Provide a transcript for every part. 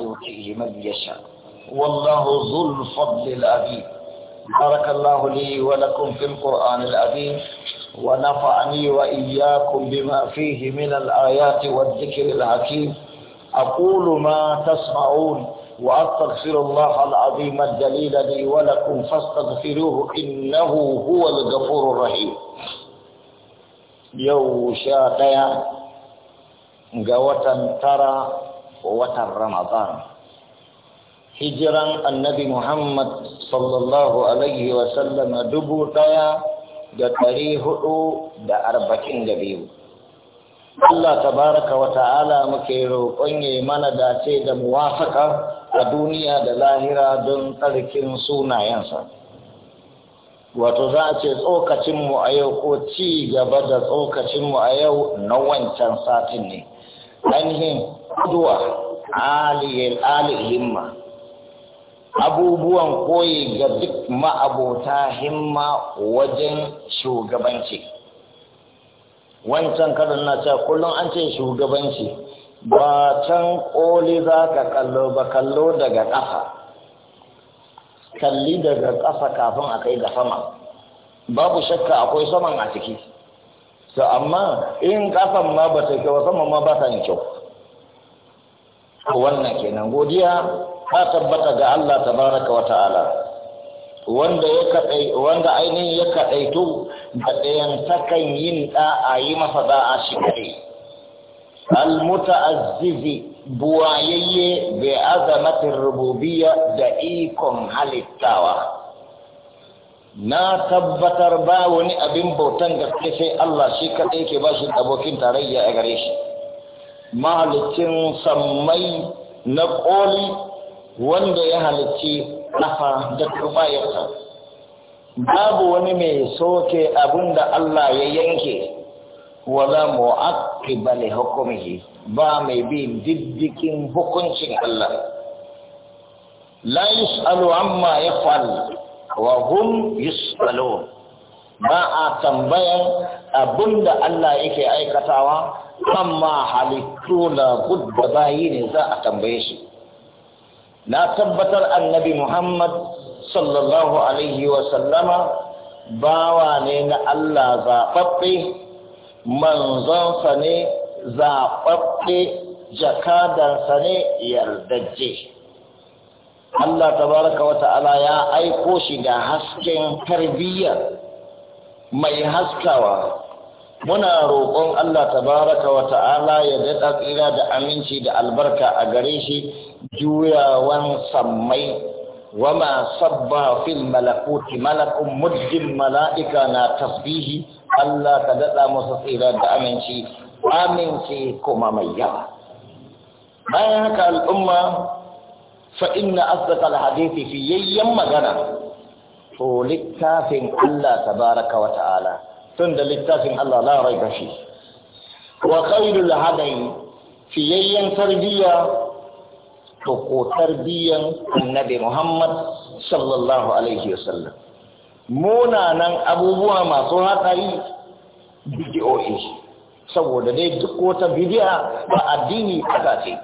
يؤتيه من يشاء والله ذو الفضل العظيم بارك الله لي ولكم في القرآن العظيم ونفعني وإياكم بما فيه من الآيات والذكر الحكيم أقول ما تسمعون وأستغفر الله العظيم الجليل لي ولكم فاستغفروه إنه هو الغفور الرحيم يوشا ديان ga ترى watan Ramadan hijiran annabi Muhammad sallallahu alaihi wasallama dubu ɗaya da tari hudu da arba'in da biyu Allah tabaraka wa ta'ala muke roƙon ya mana dace da muwafaka a duniya da lahira don tsarkin sunayensa wato za a ce tsokacinmu a yau ko ci gaba da tsokacinmu a yau na wancan satin ne ainihin kuduwa ali himma abubuwan koyi ga duk ma'abota himma wajen shugabanci wancan karin na ce kullum an ce shugabanci ba can koli za ka kallo ba kallo daga ƙafa kalli daga ƙafa kafin a kai ga sama babu shakka akwai saman a ciki to amma in kasan ma ba ta kai sama ma ba ta yin kyau wannan kenan godiya ta tabbata ga Allah tabaraka wa ta'ala wanda ya kadai wanda ainihin ya to da ɗayan takan yin a yi masa a shi kai al-muta'azzizi buwayayye bi azamatir rububiyya da ikon halittawa na tabbatar ba wani abin bautan gaske sai Allah shi kaɗai ke ba shi abokin tarayya a gare shi mahalicin sammai na ƙoli wanda ya halicci nafa da turbayarsa babu wani mai soke abin da Allah ya yanke wa mu'aqqiba li hukmihi ba mai bi diddikin hukuncin Allah la yus'alu amma yaf'al wa hum yus'alun ba a tambayan abinda Allah yake aikatawa amma halittu na budda bayi ne za a tambaye shi na tabbatar annabi Muhammad sallallahu alaihi wa sallama bawa ne na Allah zaɓaɓɓe manzonsa ne zaɓaɓɓe jakadansa ne yardajje. Allah tabaraka wa ta'ala ya aiko shi da hasken tarbiyya mai haskawa muna roƙon Allah tabaraka wa ta'ala ya daɗa tsira da aminci da albarka a gare shi juyawan sammai wama sabba fil malakuti malakun muddin mala'ika na tasbihi Allah ka daɗa masa tsira da aminci aminci kuma mai yawa bayan haka al'umma fa’ina asdakar hadithi fiyayyen magana Ko littafin Allah ta baraka wa ta’ala tun littafin Allah larai ga shi wa ƙairu lahadai fiyayyen tarbiyya to ko tarbiyyan annabi Muhammad sallallahu Alaihi wasallam munanan abubuwa masu haɗari bidiyoyi saboda dai duk wata bidiyar ba addini a gafi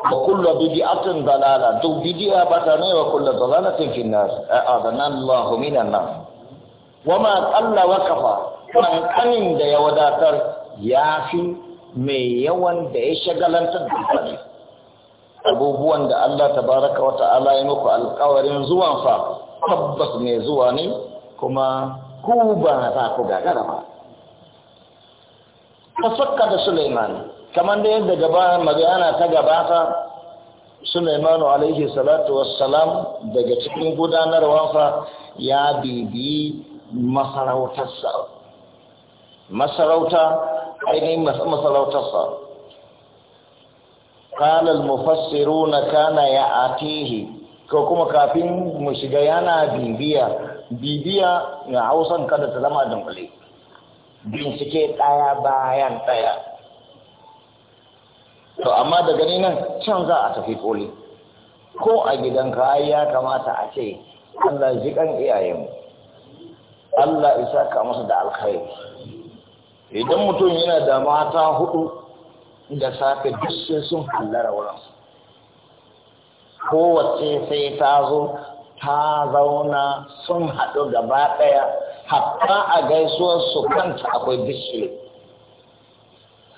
wa kullu bid'atin dalala duk bid'a bata ne wa kullu dalalatin fi nar a'adana Allah minan nar wa ma qalla wa kafa man kanin da ya wadatar ya fi mai yawan da ya shagalantar da kai abubuwan da Allah tabaraka wa ta'ala ya muku alƙawarin zuwa fa tabbas mai zuwa ne kuma ku ba za ku gagara ba fasakka da Sulaiman kamar da yadda gaba magana ta gabata Suleiman alaihi salatu wassalam daga cikin gudanarwansa ya bibi masarautarsa masarauta ainihin masarautarsa kanal mufassiru na kana ya atihi ko kuma kafin mu shiga yana bibiya bibiya na hausan kada ta zama dunkule bincike ɗaya bayan ɗaya to amma daga ni nan can za a tafi koli ko a gidan kayi ya kamata a ce Allah ji kan iyayenmu Allah isa ka masa da alkhairi idan mutum yana da mata hudu da safe duk sai sun hallara wurin kowace sai ta zo ta zauna sun haɗu gaba ɗaya hatta a gaisuwar su kanta akwai bishiri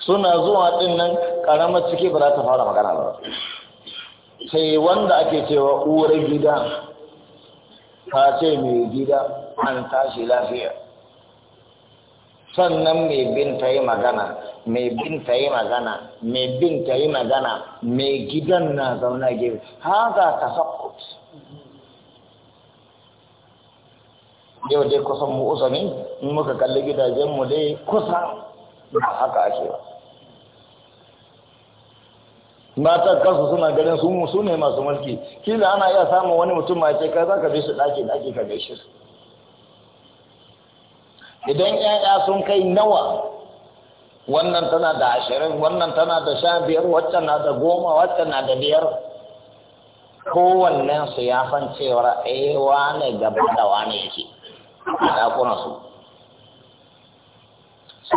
suna zuwa ɗin nan karamar ciki ba za ta fara magana ba sai wanda ake cewa uwar gida ta ce mai gida an tashi lafiya sannan mai bin ta yi magana mai bin ta yi magana mai bin ta yi magana mai gidan na zauna gefe haka ta sakkut yau dai kusan mu in muka kalli gidajenmu dai kusa ba haka ake ba mata kansu suna ganin su su ne masu mulki kila ana iya samun wani mutum ma ce kai za ka bi su ɗaki ɗaki ka gaishe su idan 'ya'ya sun kai nawa wannan tana da ashirin wannan tana da sha biyar waccan na da goma waccan na da biyar kowannen su ya san cewar eh wane gaba da wane yake a ɗakunan su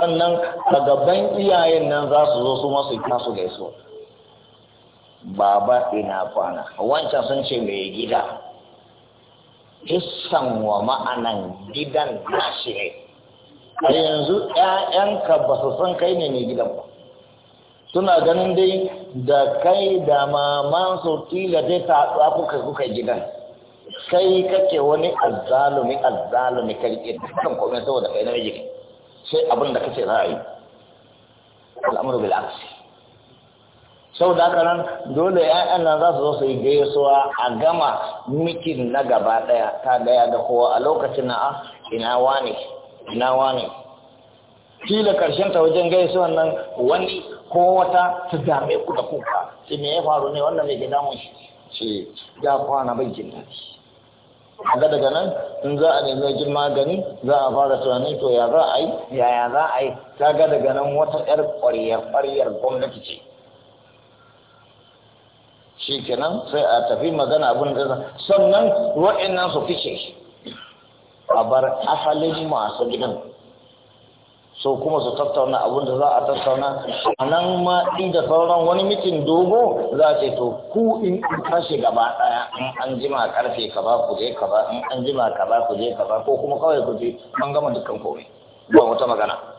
sannan daga ban iyayen nan za su zo su masu kasu gaisuwa baba ina kwana wancan sun ce mai gida hissan wa ma'anan gidan shi ne a yanzu ƴaƴanka ba su san kai ne mai gidan ba suna ganin dai da kai da maman su tila dai ta kuka kuka gidan kai kake wani azzalumi azzalumi karke kan komai saboda kai namiji sai abin da kace za a yi al'amuru bil aksi sau da haka nan dole ya'yan nan za su zo su yi gaisuwa a gama mikin na gaba ɗaya ta daya da kowa a lokacin na a ah, ina wani? ina wani kila karshen ta wajen gaisuwan nan wani ko wata ta dame ku da kuka shi me ya faru ne wannan mai gida mun shi ya kwana bai jin daɗi ga daga nan in za a nemi jin magani za a fara tunani, to ya za a yi yaya za a yi ta ga daga nan wata yar ƙwariyar ƙwariyar gwamnati ce shi sai a tafi magana abin da sannan wa'annan su fice a bar asalin masu gidan so kuma su tattauna abin da za a tattauna a nan ma inda sauran wani mitin dogo za ce to ku in an kashe gaba daya in an jima karfe kaza ku je kaza in an jima kaza ku je kaza ko kuma kawai ku je an gama dukkan komai ba wata magana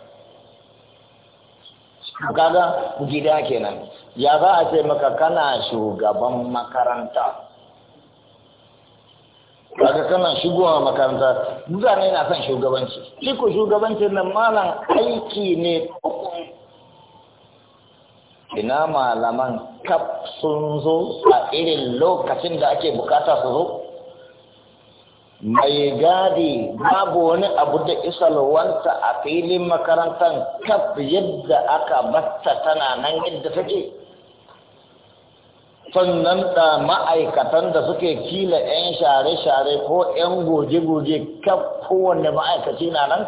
kaga gida kenan ya za a ce maka kana shugaban makaranta kaga kana shigowa makaranta mutane na son shugabanci shi ko shugabancin nan malam aiki ne ina malaman kaf sun zo a irin lokacin da ake bukata su zo mai gadi babu wani abu da isalwanta a filin makarantar kaf yadda aka batta tana nan yadda take sannan da ma'aikatan da suke kila 'yan share-share ko 'yan goje-goje kaf kowanne ma'aikaci na nan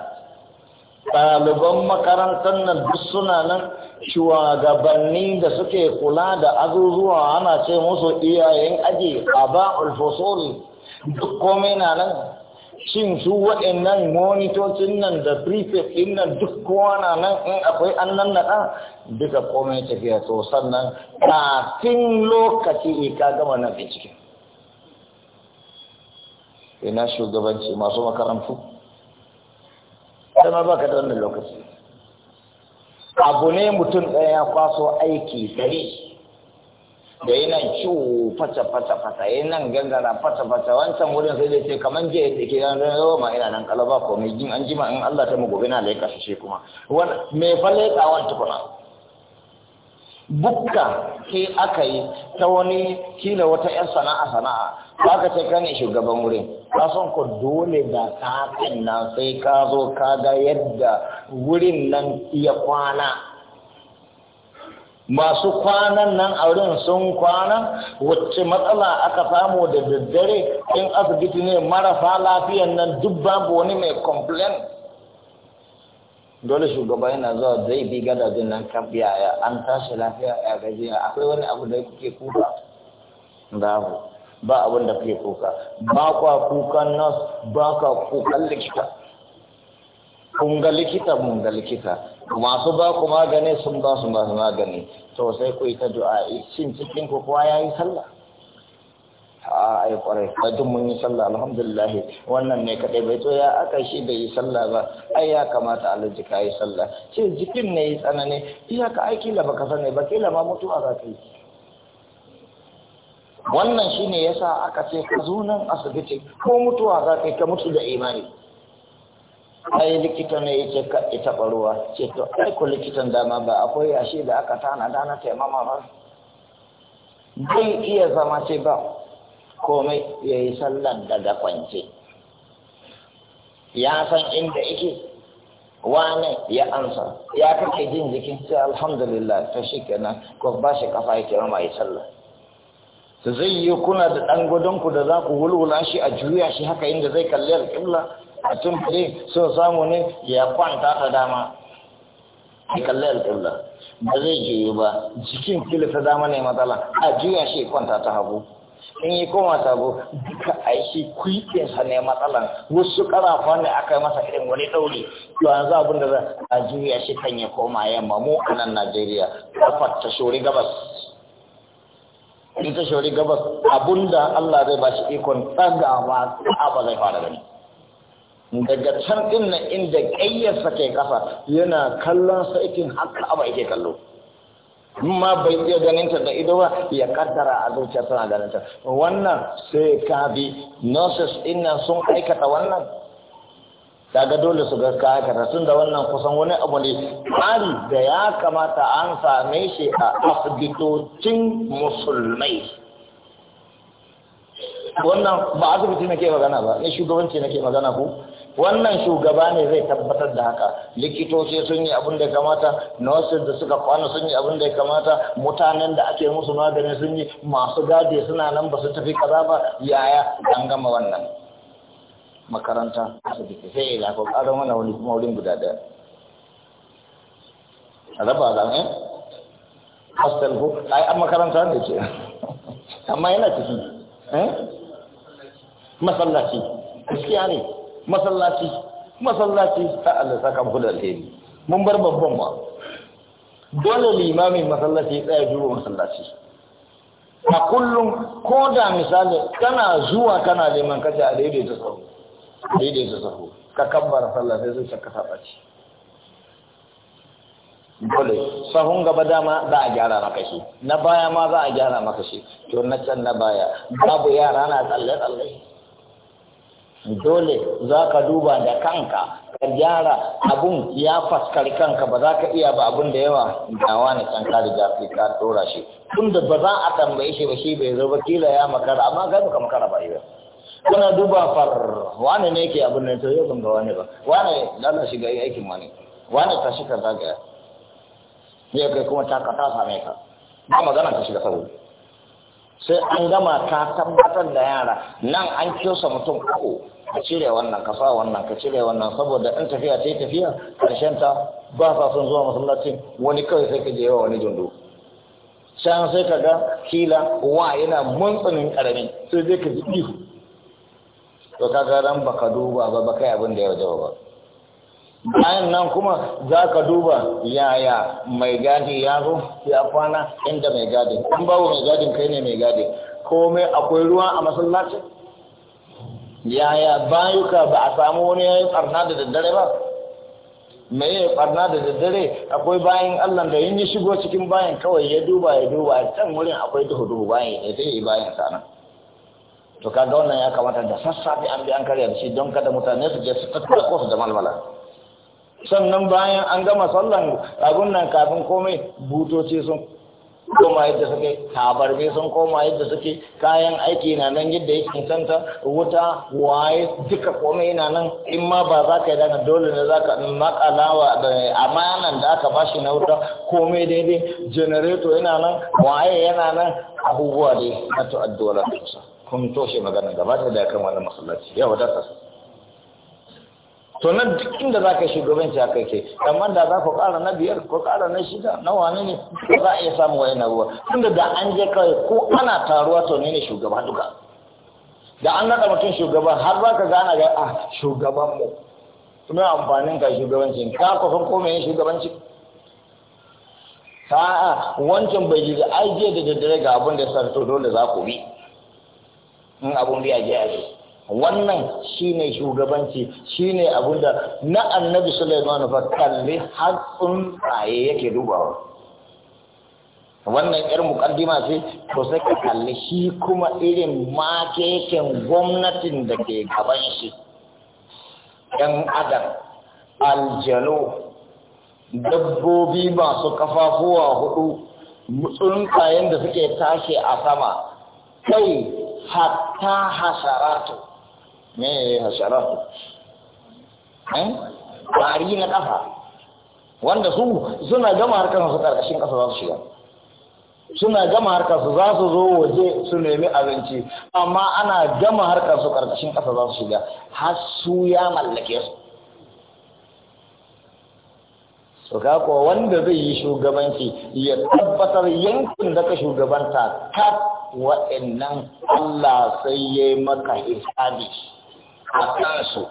ɗaliban makarantar nan duk suna nan shugabanni da suke kula da azuzuwa ana ce musu iyayen aji a ba'ul fosori duk komai na nan shin su waɗannan monitocin nan da prefect ɗin nan duk kowa na nan in akwai an nan na naɗa duka komai tafiya to sannan kafin lokaci ka gama na bincike ina shugabanci masu makarantu sama ba ka da lokaci abu ne mutum ɗaya ya kwaso aiki dare da yi nan ciwo fata fata fata yi gangara fata fata wancan wurin sai dai ce kamar jiya da ke yan yawa ma ina nan kalaba ko mai jin an jima in Allah ta mu gobe na laika shi kuma me fa laika wani tukuna bukka ke aka yi ta wani kila wata yan sana'a sana'a ba ka ce kane shugaban wurin ka son ko dole da ka nan sai ka zo ka ga yadda wurin nan ya kwana masu kwanan nan a wurin sun kwana wacce matsala aka samu da daddare in asibiti ne marasa lafiyan nan duk babu wani mai complain dole shugaba yana zuwa zai bi gadajin nan kafiya ya an tashi lafiya ya gajiya akwai wani abu da kuke kuka babu ba abin da kuke kuka ba kwa kukan nas ba ka kukan likita kun ga likita mun ga likita masu ba ku magani sun ba su masu magani to sai ku yi ta du'a shin cikin ku kowa ya yi sallah a ai kwarai duk mun yi sallah alhamdulillah wannan ne kadai bai to ya aka shi bai yi sallah ba ai ya kamata alhaji ka yi sallah shin jikin ne yi tsanani iya ka na la baka sani ba kila ma mutuwa za ka wannan shine yasa aka ce ka zo nan asibiti ko mutuwa za ka yi ka mutu da imani ai likita ne yake ce taɓa ruwa ce to ai ku likitan dama ba akwai yashi da aka tana dana taimama ba bai iya zama ce ba komai ya yi sallar daga kwance ya san inda ike wane ya amsa ya kake jin jikin sai alhamdulillah ta shi kenan ko ba shi kafa ya kira mai sallah zai yi kuna da ɗan gudunku da za ku wulwula shi a juya shi haka inda zai kalli alƙibla a tumfure sun samu ne ya kwanta ta dama ya kalli ba zai juyu ba jikin fili ta dama ne matsala a juya shi kwanta ta hagu in yi koma ta hagu duka a yi shi kwikinsa ne matsalan wasu ƙarafa ne aka yi masa irin wani ɗauri yawan za abin da za a juya shi kan ya koma yamma mu a nan najeriya kafar ta shori gabas ni ta shori gabas abunda Allah zai bashi ikon tsagawa ba zai fara gani daga can din nan inda ƙayyarsa ke kafa yana kallon saikin haka aba yake kallo ma bai iya ganin ta da ido ba ya kaddara a zuciya tana ganin ta wannan sai ka bi nurses ina sun aikata wannan kaga dole su ga haka tun da wannan kusan wani abu ne tsari da ya kamata an same shi a asibitocin musulmai wannan ba asibiti nake magana ba ne shugabanci nake magana ku wannan shugaba ne zai tabbatar da haka likitoci sun yi abin da ya kamata nurses da suka kwana sun yi abin da ya kamata mutanen da ake musu magani sun yi masu gadi suna nan ba su tafi kaza ba yaya an gama wannan makaranta asibiti sai ya lafa ƙarar mana wani kuma wurin guda ɗaya a raba da eh hostel ko ai an makaranta da ke amma yana ciki eh? masallaci gaskiya ne masallaci masallaci ta Allah kan kula da alheri mun bar babban ba dole limamin masallaci ya tsaya juro masallaci a kullum ko da misali kana zuwa kana neman kace a daidaita tsaro daidai su sahu ka kambara sallah sai zuciya shakka saba ce dole sahun gaba dama za a gyara maka shi na baya ma za a gyara maka shi to na can na baya babu yara na tsalle tsalle dole za ka duba da kanka ka gyara abun ya faskar kanka ba za ka iya ba abun da yawa dawa na can ka riga kai ka dora shi tunda ba za a tambaye shi ba shi bai zo ba kila ya makara amma kai ka makara ba ba. kana duba far wane ne ke abin nan to yau ban ga wane ba wane lalla shiga yi aikin wane wane ta shiga ka zagaya ne kai kuma ta ka ta same ka ba magana ka shiga saboda sai an gama ta tabbatar da yara nan an kyosa mutum ko ka cire wannan ka sa wannan ka cire wannan saboda in tafiya ta yi tafiya karshen ta ba sa son zuwa masallacin wani kawai sai ka je yawa wani jundu can sai ka ga kila wa yana mun tsanin karamin sai zai ka ji ihu to kaga ran baka duba ba baka yi abin da ya wajaba ba bayan nan kuma za ka duba yaya mai gadi ya zo ya kwana inda mai gadi an babu mai gadin kai ne mai gadi komai akwai ruwa a masallaci yaya bayuka ba a samu wani ya yi barna da daddare ba mai yi barna da daddare akwai bayan allah da yin shigo cikin bayan kawai ya duba ya duba can wurin akwai duhu duhu bayan ya ya yi bayan sana to kaga wannan ya kamata da sassafe an bi an karya da shi don kada mutane su je su tattara ko da malmala sannan bayan an gama sallan ragun nan kafin komai butoci sun koma yadda suke tabarbe sun koma yadda suke kayan aiki na nan yadda ya cancanta wuta waye duka komai na nan in ma ba za ka yi dana dole ne za ka makalawa da amanan da aka bashi na wuta komai daidai janareto yana nan waye yana nan abubuwa dai na tu'addola sosai kun toshe magana gaba da da kan wannan masallaci ya wadata to nan duk inda za ka shugabanci haka ke, amma da za ku kara na biyar ku kara na shida na wani ne za a iya samu wayan ruwa tunda da an je kawai ko ana taruwa to ne ne shugaba duka da an naɗa mutum shugaban har za ka gana ga a ah, shugaban mu kuma amfanin ka shugabancin ka kusan ko mai shugabanci sa'a wancan bai ji da ai jiya da daddare ga abin da ya to dole za ku bi in abun bi a je a wannan shine shugabanci shine abun da na annabi Sulaiman fa kalli har raye yake dubawa wannan yar mukaddima ce to sai ka kalli shi kuma irin makekin gwamnatin da ke gaban shi ɗan adam aljano dabbobi masu kafafuwa hudu tsuntsayen da suke tashi a sama kai hatta hasaratu me hasaratu eh kwari na kafa wanda su suna gama harkar su karkashin kasa za su shiga suna gama harkar su za su zo waje su nemi abinci amma ana gama harkar su karkashin kasa za su shiga har su ya mallake su to ga ko wanda zai yi shugabanci ya tabbatar yankin da ka shugabanta ta waɗannan Allah sai ya maka hisabi a kansu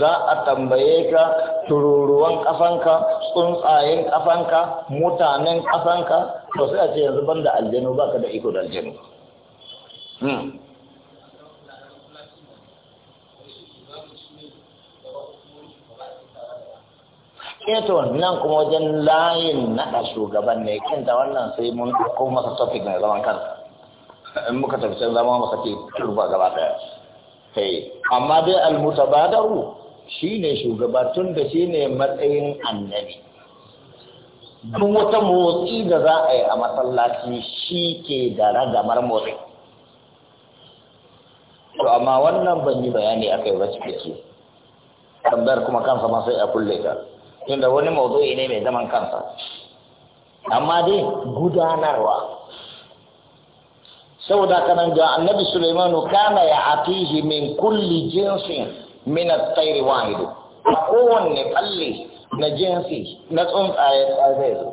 za a tambaye ka tururuwan kafanka tsuntsayen kafanka mutanen kafanka to sai a ce yanzu ban da aljanu ba ka da iko da aljanu keto hmm. eh nan kuma wajen layin naɗa shugaban ne kenta wannan sai mun ɗauko masa topic mai zaman kansa in muka tafi can zama maka ce turba gaba daya kai amma dai almutabadaru shine shugaba tun da shine matsayin annabi duk wata motsi da za a yi a masallaci shi ke da ragamar motsi to amma wannan ban yi bayani a kai ba cikin ke tambayar kuma kansa ma sai a kulle ta tunda wani mawdu'i ne mai zaman kansa amma dai gudanarwa saboda kanan ga annabi sulaimanu kana ya atihi min kulli jinsin min at-tayr wahid kowanne falle na jinsi na tsuntsaye zai zo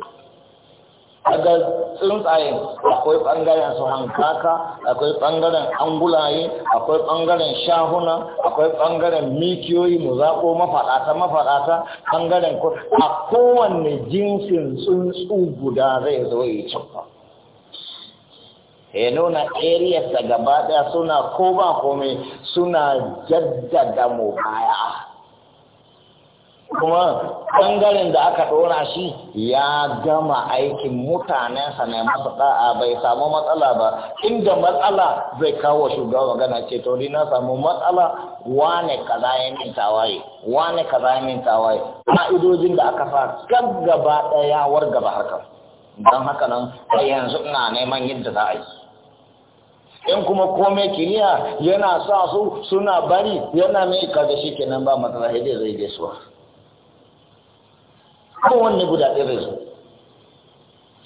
daga tsuntsaye akwai ɓangaren su hankaka akwai bangaren angulaye akwai bangaren shahuna akwai bangaren mikiyoyi mu zaɓo mafaɗata mafaɗata bangaren a kowanne jinsin tsuntsu guda zai zo ya cikin ya nuna ariyarsa gaba daya suna ko ba komai suna jaddada mu baya kuma ɓangaren da aka ɗora shi ya gama aikin mutanensa ne masu ɗa'a bai samu matsala ba inda matsala zai kawo shugaba magana ce to ni na samu matsala wane za ya min tawaye wane za ya min tawaye ma'idojin da aka sa kan gaba ɗaya wargaba harkar don haka nan yanzu ina neman yadda za a yi in kuma komai kiniya yana sa su suna bari yana mai kaga shi kenan ba matsala hede zai gaisuwa kowanne guda ɗaya zai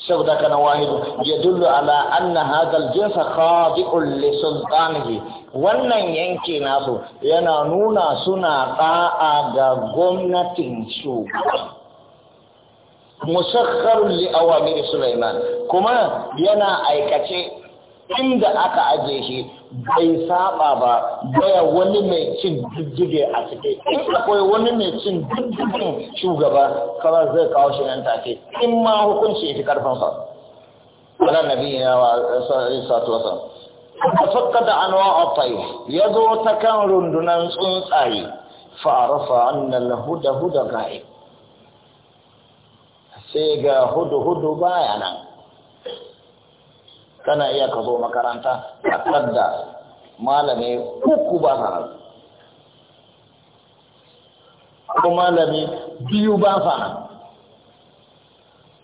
saboda kana wahidu ya dullu ala anna hadal jinsa khadi'un li sultanihi wannan yanke nasu yana nuna suna ɗa'a ga gwamnatin su musakkarun li awamir sulaiman kuma yana aikace inda aka aje shi bai saba ba baya wani mai cin jijjige a cikin, in akwai wani mai cin jijjigen shugaba kawai zai kawo shi nan take in ma hukunci ya fi sa wannan nabi ya wa sallatu wasan tafakkata anwa ya yazo ta kan rundunan tsuntsaye fa arafa anna al-huda huda gai sai ga hudu hudu baya nan kana iya ka zo makaranta a tsadda malami uku ba sa nan ko malami biyu ba sa nan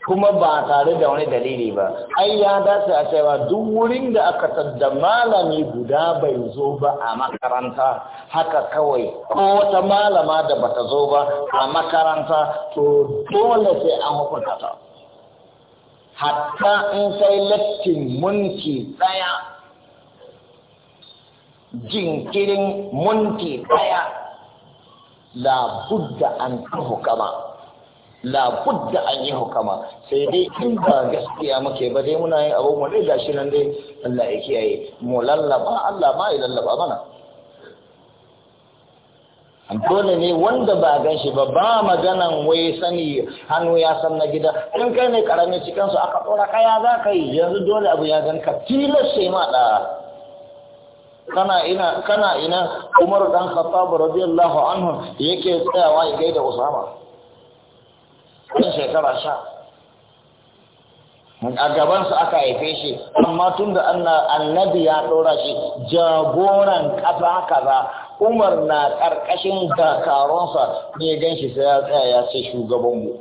kuma ba tare da wani dalili ba ai ya dace a cewa duk wurin da aka tsadda malami guda bai zo ba a makaranta haka kawai ko wata malama da bata zo ba a makaranta to dole sai an hukunta ta hatta in kai lattin munti jinkirin munti la labudda an ta hukama budda an yi hukama sai dai in ba gaskiya muke ba dai muna yin abu mu dai gashi nan dai Allah ya kiyaye mu lallaba Allah ma ya lallaba mana dole ne wanda ba gan shi ba ba maganan wai sani hannu ya san na gida in kai ne karamin cikin su aka tsora kaya za ka yi yanzu dole abu ya gan ka tilas sai ma da kana ina kana Umar dan Khattab radiyallahu anhu yake tsayawa ya gaida Usama kan shekara sha a gabansa aka haife shi amma tun da annabi ya ɗora shi jagoran ƙasa kaza umar na ƙarƙashin kakaronsa ne gan shi sai ya tsaya ya ce mu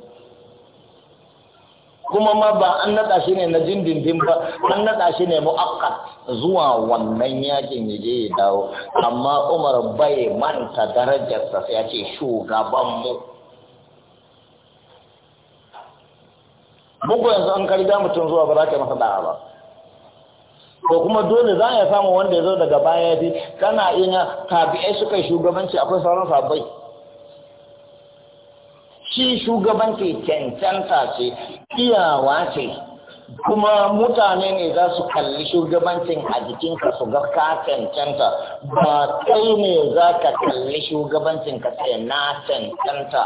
kuma ma ba an naɗa shi ne na jindindin ba an naɗa shi ne mu'akka zuwa wannan yakin ya je ya dawo amma umar bai manta darajarsa sai ya ce shugabanmu bugu yanzu an karga mutum zuwa ba za ka masa da'a ba ko kuma dole za a iya samu wanda ya zo daga baya ya fi kana ina tabi'ai suka yi shugabanci akwai sauran sabai shi shugabanci cancanta ce iyawa ce kuma mutane ne za su kalli shugabancin a jikinka su ga ka cancanta ba kai ne za ka kalli shugabancin ka sai na cancanta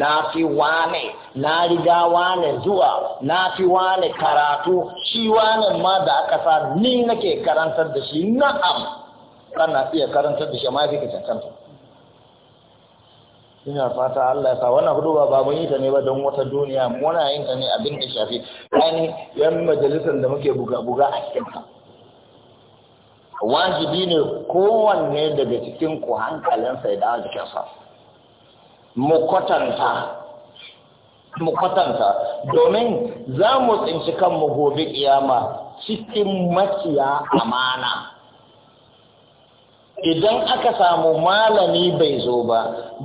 na fi wane na riga wane zuwa na fi wane karatu shi wane ma da aka sa ni nake karantar da shi na'am kana iya karantar da shi ma fi ka cancanta ina fata Allah ya sa wannan huduba ba mun yi ta ne ba don wata duniya muna yin ta ne abin da shafi yani yan majalisar da muke buga-buga a cikin ta wajibi ne kowanne daga cikin ku hankalinsa ya dawo jikinsa mu kwatanta mu kwatanta domin za mu tsinci kanmu gobe kiyama cikin maciya amana idan aka samu malami bai zo ba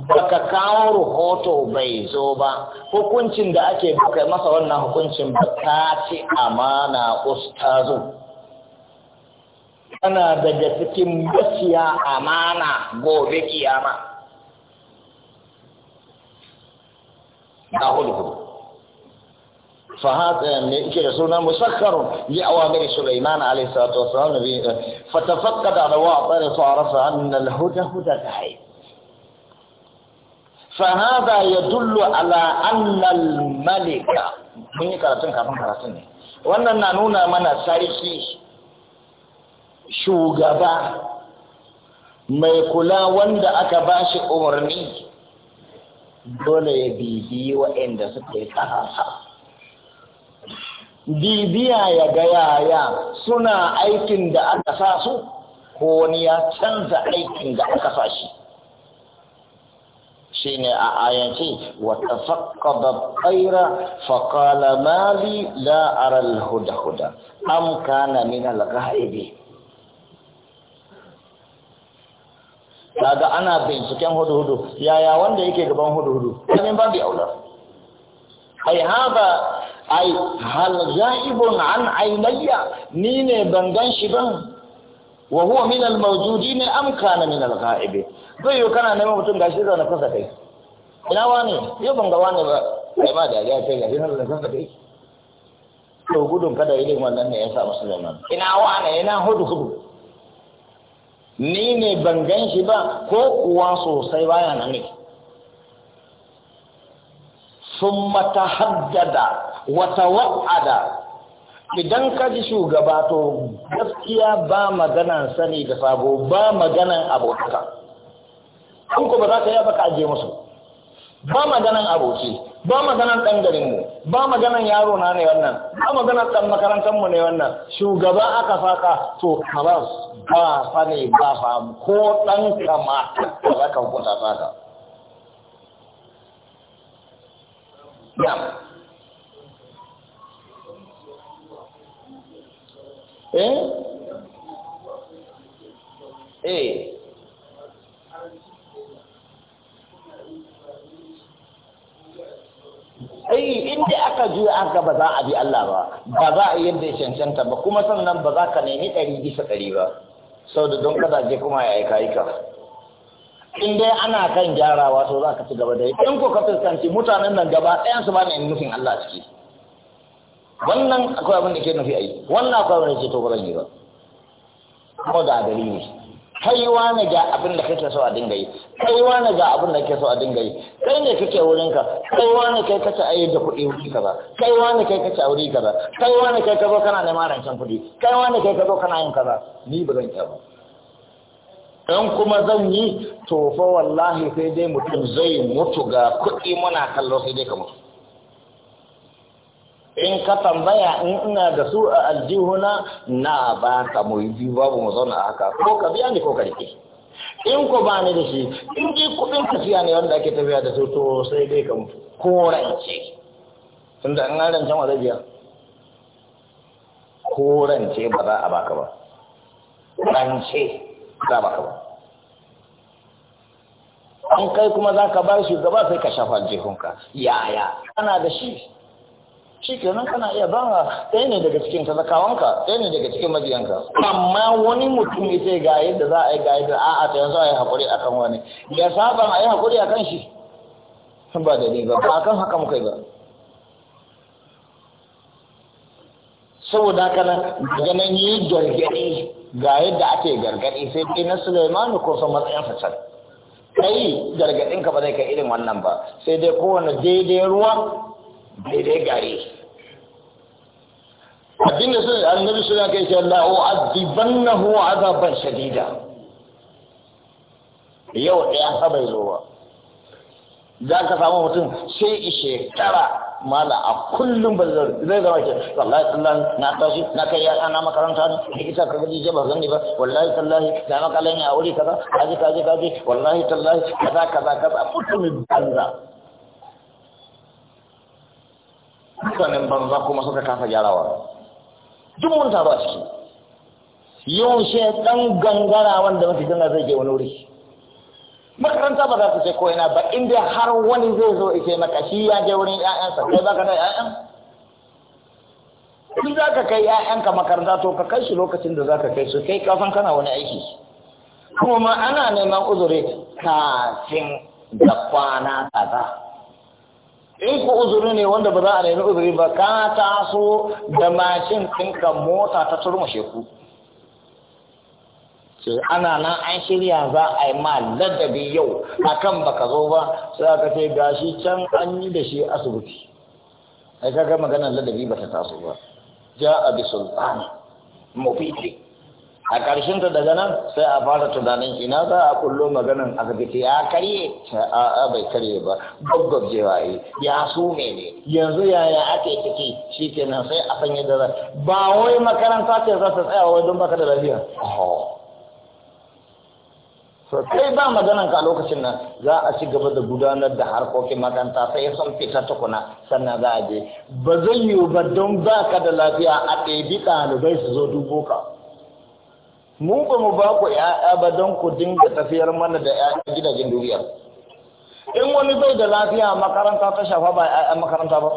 baka kawo rahoto bai zo ba hukuncin da ake baka masa wannan hukuncin ba ta ci amana ustazu ana daga cikin basiya amana gobe kiyama hudu فهذا من رسولنا مسخر لأوامر سليمان عليه الصلاة والسلام فتفقد على وعطر فعرف أن الهدى هدى الحي فهذا يدل على أن الملك من يكرتون كرتون كرتون وأن نانونا من سارسي شوغبا mai kula wanda aka ba shi umarni dole ya bibi waɗanda suka yi ƙarasa bibiya ya ga yaya suna aikin da aka sa su ko wani ya canza aikin da aka sa shi shi ne a ayance wata faƙaɗa ƙaira faƙala mali la'aral huda-huda am kana min alghaibi Daga ana binciken hudu-hudu yaya wanda yake gaban hudu-hudu ba babu aula ai haɗa ai hal ghaibun an ainiya. ni ne ban gan shi ban wa huwa min al mawjudin am kana min al ghaib bai yo kana neman mutum gashi zauna fasa kai ina wani yau ban ga wani ba kai ma da ya kai gashi zauna fasa kai to gudun kada irin wannan ne ya sa musulman ina wani ina hudu hudu ni ne ban gan shi ba ko kuwa sosai baya nan ne sun mata haddada wata wa'ada idan ka ji shugaba to gaskiya ba maganan sani da sabo ba maganan abokan an ku ba za ka yi baka aje musu ba maganan aboki ba maganan ɗan garinmu ba maganan yaro na ne wannan ba maganan ɗan makarantarmu ne wannan shugaba aka faka to karas ba sani ba famu ko ɗan kamata da za ka hukunta faka eh eh ai inda aka juya aka ba za a bi Allah ba ba za a yadda ya cancanta ba kuma sannan ba za ka nemi ɗari bisa ɗari ba sau da don kada je kuma ya aika aika in dai ana kan gyarawa to za ka ci gaba da in ko ka fuskanci mutanen nan gaba ɗayan su ba ne nufin Allah ciki wannan akwai abin da ke nufi ai wannan akwai abin da ke to yi ba kuma da dalili kai wani ga abin da kake so a dinga yi kai wani ga abin da kake so a dinga yi kai ne kake wurin ka kai wani kai kace ai da kuɗi kuɗi kaza kai wani kai kace aure kaza kai wani kai ka kana neman rancen kuɗi kai wani kai ka kana yin kaza ni ba zan ba dan kuma zan yi to fa wallahi sai dai mutum zai mutu ga kuɗi muna kallo sai dai ka mutu in ka tambaya in ina da su a aljihuna na ba ka mu yi babu mu zauna haka ko ka biya ni ko ka rike in ko ba ni da shi in dai kuɗin siya ne wanda ake tafiya da su to sai dai kan korance tunda in an rancen wa zai biya korance ba za a baka ba rance za baka ba an kai kuma za ka ba shi gaba sai ka shafa aljihunka yaya ana da shi shi kenan kana iya ba ɗaya ne daga cikin talakawanka ɗaya ne daga cikin majiyanka amma wani mutum ya ce ga yadda za a yi ga yadda a'a ta yanzu a yi haƙuri akan wani ya saba a yi haƙuri kan shi ba da ba ba kan haka muka yi ba saboda haka nan ganin yi gargaɗi ga yadda ake gargaɗi sai dai na Sulaimanu ko san matsayinsa can kai gargaɗinka ba zai kai irin wannan ba sai dai kowane daidai ruwa daidai gari abin da sun annabi suna kai ce la u'adibannahu azaban shadida yau ɗaya fa bai zo ba za ka samu mutum sai i shekara mala a kullum ba zai zama ke wallahi tallahi na tashi na kai ya na makaranta ne ni isa ka gaji ba zan ba wallahi tallahi na makalan ya wuri kaza kaji kaji kaji wallahi tallahi kaza kaza kaza mutumin banza mutanen banza kuma suka kasa gyarawa duk mun taru a ciki yaushe ɗan gangara wanda mafi gana zai je wani wuri makaranta ba za ta ce koyana ba inda har wani zai zo ike maka shi ya je wurin ƴaƴansa kai baka da ƴaƴan in za ka kai ƴaƴanka makaranta to ka kai shi lokacin da za ka kai su kai kafan kana wani aiki kuma ana neman uzuri kafin da kwana kaza in ku uzuri ne wanda ba za a nemi uzuri ba ka taso da mashin ɗinka mota ta sheku? ku ana nan an shirya za a yi ma ladabi yau akan baka zo ba sai aka ce gashi can an yi da shi asibiti ai kaga maganar ladabi ba ta taso ba ja a mafi ɗin a ƙarshen ta daga nan sai a fara tunanin ina za a kullo maganan asibiti ya karye a bai karye ba gaggab yi ya su ne yanzu yaya ake ciki nan sai a sanya da ba wai makaranta ce za ta tsaya wai don baka da lafiya so kai ba maganan ka lokacin nan za a ci gaba da gudanar da harkokin makaranta sai ya san fita tukuna sannan za a je ba zai yiwu ba don baka da lafiya a ɗebi ɗalibai su zo dubo ka mu ba mu ba ku ‘ya'ya ba don ku dinga tafiyar mana da ‘ya'ya gidajen duniya in wani bai da lafiya makaranta ta shafa ba ‘ya'ya makaranta ba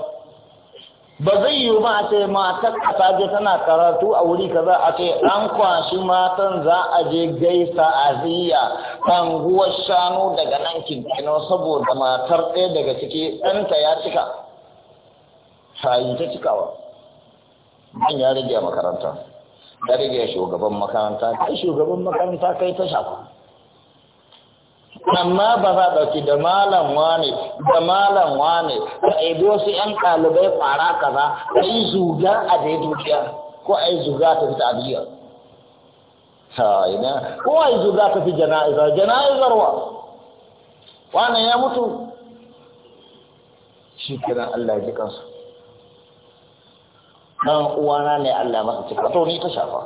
ba zai yi ba a ce matar ta je tana karatu a wuri kaza a ce an kwashi matan za a je gaisa a ziya kanguwar shanu daga nan kinkino saboda matar ɗaya daga ciki ɗanta ya cika ta ta cikawa ban ya rage makaranta darajar shugaban makaranta kai shugaban makaranta kai ta shafa amma ba za ɗauki da malam wane da malam wane ka ɗebi wasu ‘yan ɗalibai fara kaza ka yi zuga a da dukiya ko a yi zuga ta fita abiyar ko a yi zuga ta fi jana'izar jana'izar wa wane ya mutu shi kiran Allah ya ji kansu dan uwana ne Allah masa cika to ni ta shafa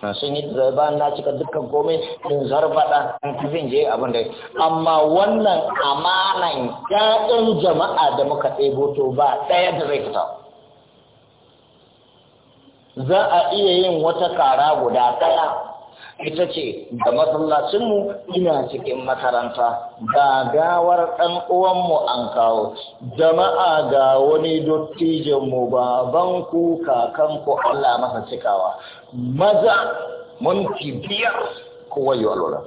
na sun yi da ba na cika dukkan komai in zarbada in kafin je abin da amma wannan amanan ƴaƴan jama'a da muka ɗebo to ba ɗaya da zai fita za a iya yin wata kara guda ɗaya ita ce da masallacinmu ina cikin makaranta ga gawar ɗan uwanmu an kawo jama'a ga wani dottijinmu baban ku kakan ku Allah masa cikawa maza mun biyar kowa yi alwala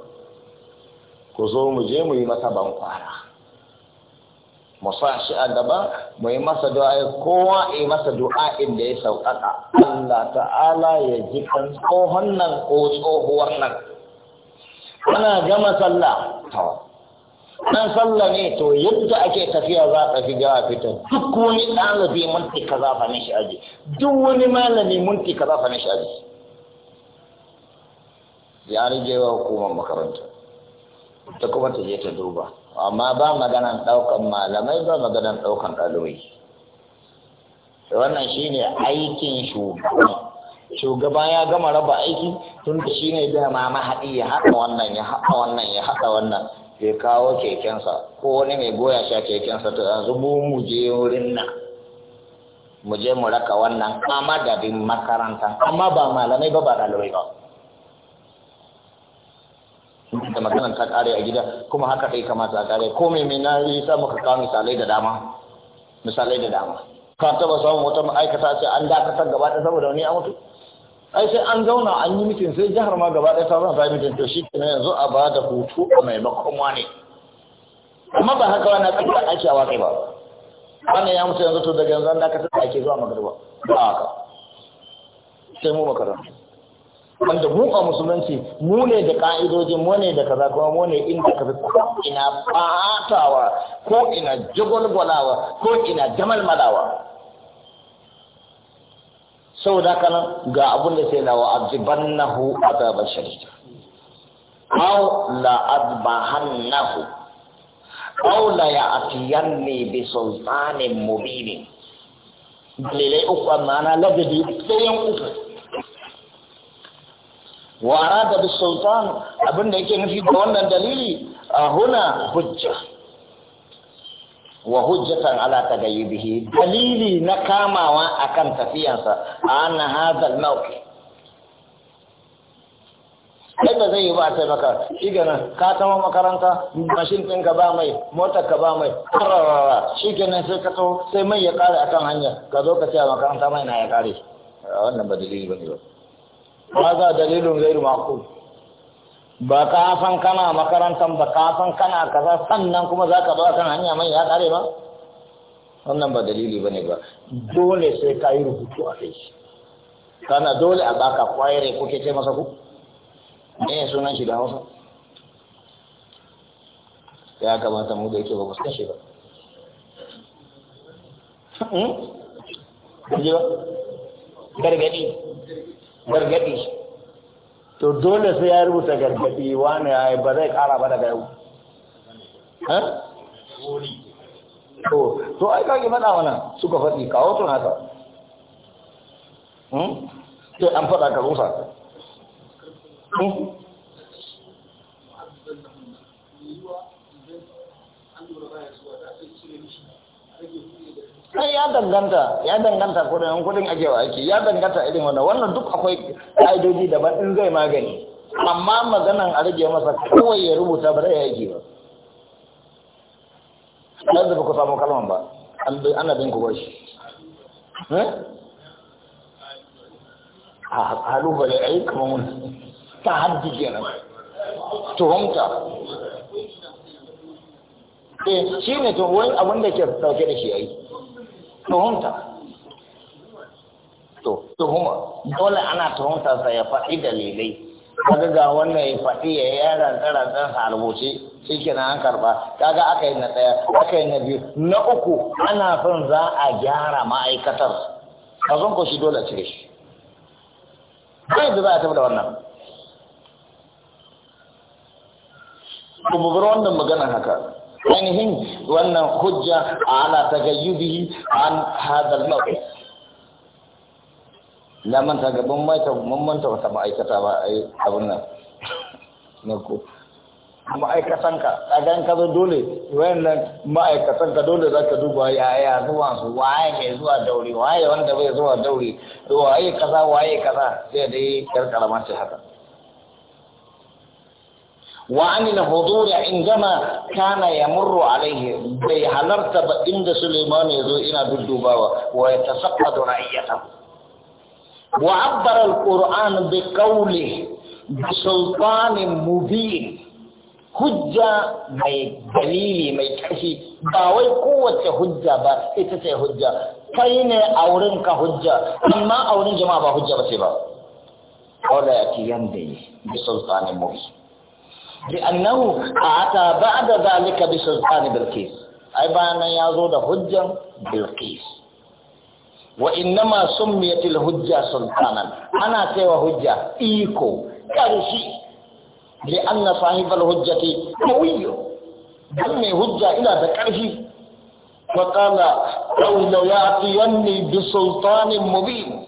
ku zo mu je mu yi masa ban kwara mu shi a gaba mu masa du'a'i kowa yi masa du'a inda ya sauƙaƙa Allah ta'ala ya ji kan tsohon nan ko tsohuwar nan ana gama sallah to nan sallah ne to yadda ake tafiya za ka fi gawa fita duk wani ɗalibi ka kaza fa ne aji duk wani malami ka kaza fa ne aji ya rige wa hukumar makaranta ta kuma ta je ta duba amma ba maganan ɗaukan malamai ba maganan ɗaukan ɗalibai wannan shine aikin shugaban shugaba ya gama raba aiki tun da shi ne ma mahaɗi ya haɗa wannan ya haɗa wannan ya haɗa wannan ya kawo kekensa ko wani mai goya sha kekensa ta yanzu mu mu je wurin nan mu je mu raka wannan da bin makaranta amma ba malamai ba ba ɗalibai ba da maganar ta kare a gida kuma haka kai kamata a kare ko mai na yi sa muka kawo misalai da dama misalai da dama ka taba samun wata ma'aikata ce an dakatar gaba ɗaya saboda wani ya mutu ai sai an zauna an yi mitin sai jihar ma gaba ɗaya ta zauna ta yi mitin to shi kenan yanzu a ba da hutu a maimakon wani amma ba haka wani ƙasa aiki a watsa ba Wani ya mutu yanzu to daga yanzu an dakatar da ake zuwa magariba ba haka sai mu makaranta wanda mu a musulunci mu ne da ka'idojin mu ne da kaza kuma mu ne inda kaza ko ina fatawa ko ina jagwalgwalawa ko ina jamalmalawa Sau da nan ga abin da sai na wa azibannahu azaban shadida aw la hu. aw la ya'tiyanni bi sultanin mubin dalilai uku amma na ladabi ɗayan uku wa arada bis sultan abinda yake nufi da wannan dalili huna hujja wa hujjatan ala tagayyibihi dalili na kamawa akan tafiyansa anna hadha al-mawqi kai ba zai yi ba sai maka shi ganin ka tama makaranta mashin ɗin ka ba mai mota ka ba mai kararara shi ganin sai ka sai mai ya kare akan hanya ka zo ka ce a makaranta mai na ya kare wannan ba dalili ba ne ba maza dalilin gairu maku ba ka san kana makarantar ba ka san kana kaza sannan kuma za ka ba kan hanya mai ya kare ba wannan ba dalili ba ne ba dole sai ka yi rubutu a kai shi kana dole a baka ko ke ce masa ku me sunan shi da Hausa ya kamata mu da yake ba kusan shi ba gargadi gargaɗi to dole sai ya rubuta gargaɗi wani ya yi ba zai ƙara ba daga yau ha? to ai kage mana mana suka faɗi kawo tun haka hmm? sai an faɗa ka rusa hmm? sai ya danganta ya danganta kudin kudin wa ake ya danganta irin wannan wannan duk akwai ka'idoji daban in zai magani amma maganan a rage masa kawai ya rubuta ba zai yake ba yanzu ba ku samu kalman ba ana bin ku ba shi halu eh? ba da ai kuma mun ta haddi kenan tuhumta eh shi ne tuhumta abin da ke dauke da shi ai tuhumta to tuhuma dole ana tuhumta sa ya faɗi dalilai kaga ga wannan ya faɗi ya yi yaran tsaran tsan sa rubuce shi ke an karɓa kaga aka yi na ɗaya aka yi na biyu na uku ana son za a gyara ma'aikatar a zan ko shi dole a cire shi kai da za a tabbata wannan ku bubar wannan magana haka ainihin wannan hujja ala tagayyubi an hadal mawqif na manta gaban mata manta wata ma'aikata ba yi abin nan na ku ma'aikatanka ka ka zo dole wayan ma'aikatan ma'aikatanka dole za ka duba yaya zuwa su waye mai zuwa daure waye wanda bai zuwa daure waye kaza waye kaza sai dai karkara ma haka وعن الحضور عندما كان يمر عليه بيحلرت عند سليمان يذوئنا بالدباوة ويتسقط رأيته وعبر القرآن بقوله بسلطان مبين حجة مي دليل مي كشي باوي قوة حجة با اتسي حجة فين اورن کا حجة اما اورن جماع با حجة بسي با اولا اتيان دي بسلطان مبين bi'annahu ata ba'da zalika bi sultani bilqis ai bayanan yazo da hujjan bilqis wa inma hujja sultanan ana cewa hujja iko karshi li anna sahibal hujjati qawiyyu dan mai hujja ina da karfi wa qala law yati yanni bi sultanin mubin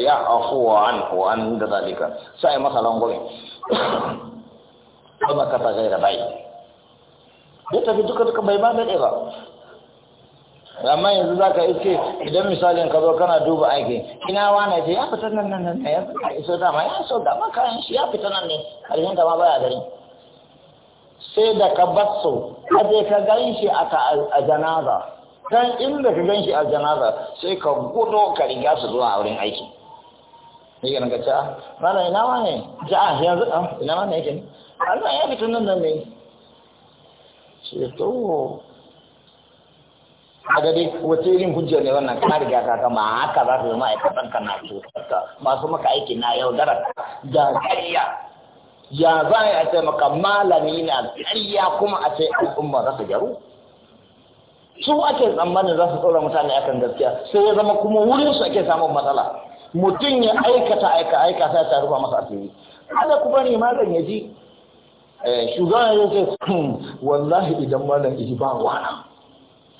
ya afu anhu an dalika sai masa langoi ba ma kafa zai da bai ya tafi duka duka bai ba daɗe ba amma yanzu za ka iske idan misalin ka zo kana duba aikin ina wane ce ya fita nan nan nan ya iso dama ya da dama kayan shi ya fita nan ne ma dama ya gari sai da ka basso ka je ka gan shi a janaza kan inda ka gan shi a janaza sai ka gudo ka riga su zuwa wurin aiki ne ga nan ka ce ah, mana ina wane ja'a ah, yanzu ah, ina wane yake ne Allah ya fito nan nan ne ce to a gade wace irin hujjar ne wannan ka riga ka kama haka za su zama aikatan ka na ka masu maka aiki na yau yaudara da ƙarya ya za a ce maka malami na ƙarya kuma a ce al'umma za su gyaru su ake tsammanin za su tsora mutane akan gaskiya sai ya zama kuma wurin su ake samun matsala mutum ya aikata aika aika sai ta rufa masa asiri kada ku bari malam ya ji Eh, shugaban ya ce hmm, wallahi idan malam iji ba wana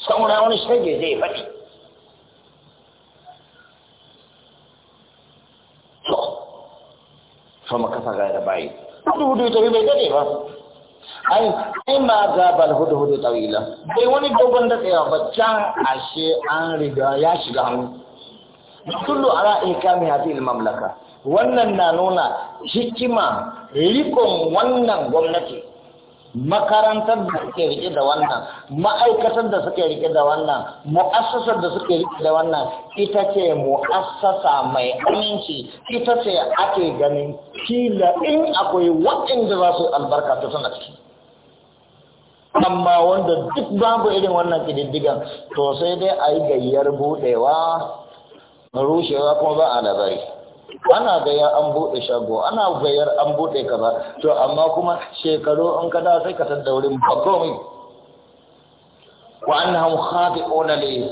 saura wani shage zai faɗi to sama kasa ga da bayi hudu hudu tafi bai dade ba ai ai ma ga bal hudu hudu tawila bai wani dogon da tsaya ba can ashe an riga ya shiga hannu yadullu ala ihkami hadhihi al-mamlaka wannan na nuna hikima rikon wannan gwamnati makarantar da suke rike da wannan ma'aikatar da suke rike da wannan mu'assasar da suke rike da wannan ita ce mu'assasa mai aminci ita ce ake ganin kila in akwai waɗanda za su albarka ta suna ciki amma wanda duk babu irin wannan ƙididdigan to sai dai a yi gayyar buɗewa rushewa kuma ba a labari ana gaya an buɗe shago ana gayar an buɗe ba to amma kuma shekaru an kada sai ka san daurin wurin ba komai wa annahum khadi'una li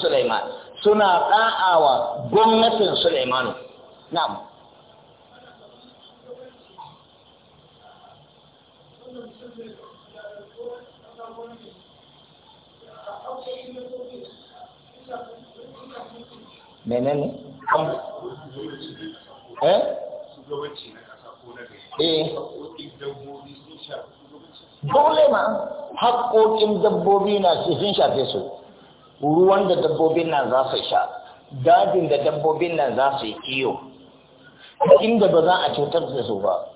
sulaiman suna da'awa gwamnatin sulaiman na'am menene eh eh, eh. dole ma haƙoƙin dabbobi na su sun shafe su ruwan da dabbobin nan za su sha dajin da dabbobin nan za su yi kiyo inda ba za a cutar da su ba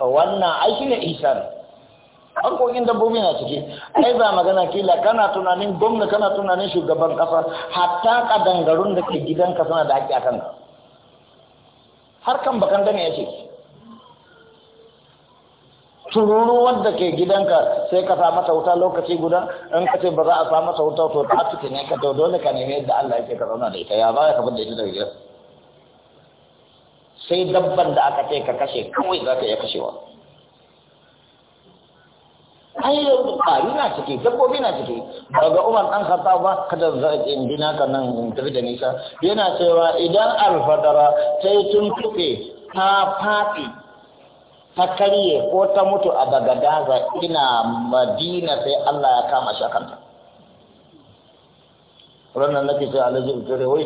wannan aiki ne isar harkokin dabbobi na ciki ai ba magana kila kana tunanin gwamna kana tunanin shugaban kasa hatta dangarun da ke gidanka suna da haƙƙi a kanka har kan bakan dame ya ce tururu wanda ke gidanka sai ka samu sauta lokaci guda in ka ce ba za a samu sauta to ta tuke ne ka to dole ka nemi yadda Allah yake ka zauna da ita ya ba ya kafa da ita daga gidan sai dabban da aka ce ka kashe kawai za ka iya kashewa ai ƙari na ciki dabbobi na ciki daga umar an khattab ba kada za a in ka nan tafi da nisa yana cewa idan alfadara ta yi tuntuɓe ta faɗi ta karye ko ta mutu a daga daza ina madina sai allah ya kama shi kanta ranar nake ce lajin ukure wai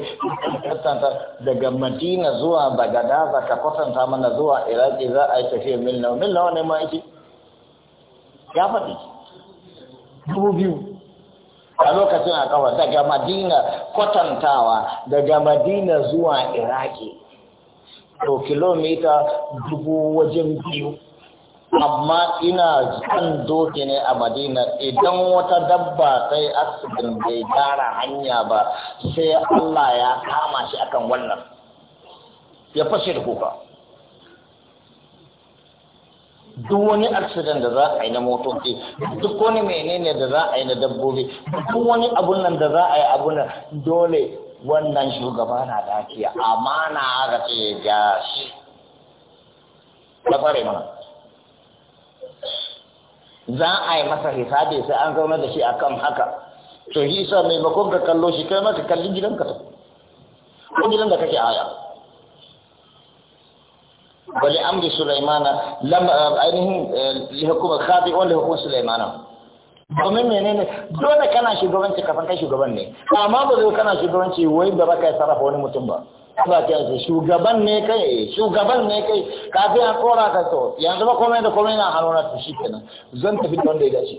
kwatanta daga madina zuwa bagadaza ka kwatanta mana zuwa iraki za a yi tafiya milna milna ne ma yake ya faɗi dubu biyu a lokacin a kafa daga madina kwatantawa daga madina zuwa iraki to kilomita dubu wajen biyu amma ina kan doki ne a madina idan wata dabba sai asibin bai gyara hanya ba sai allah ya kama shi akan wannan ya fashe da kuka duk wani accident da za a yi na motoci duk wani menene da za a yi na dabbobi duk wani abun nan da za a yi abun nan dole wannan shugaba na lafiya amana aka ce ya ja shi da fare mana za a yi masa hisabi sai an zauna da shi akan haka to hisa maimakon ka kallo shi kai maka kalli gidanka ta ko gidan da kake aya wali amri sulaimana lam eh, ainihin eh, li hukumar khadi wanda hukumar sulaimana domin menene dole kana shugabanci kafin kai shugaban ne amma ba zai kana shugabanci wai da baka ya sarrafa wani mutum ba ba ta yanzu shugaban ne kai shugaban ne kai kafin a kora ka to yanzu ba komai da komai na hannu na tushi kenan zan tafi da wanda ya dace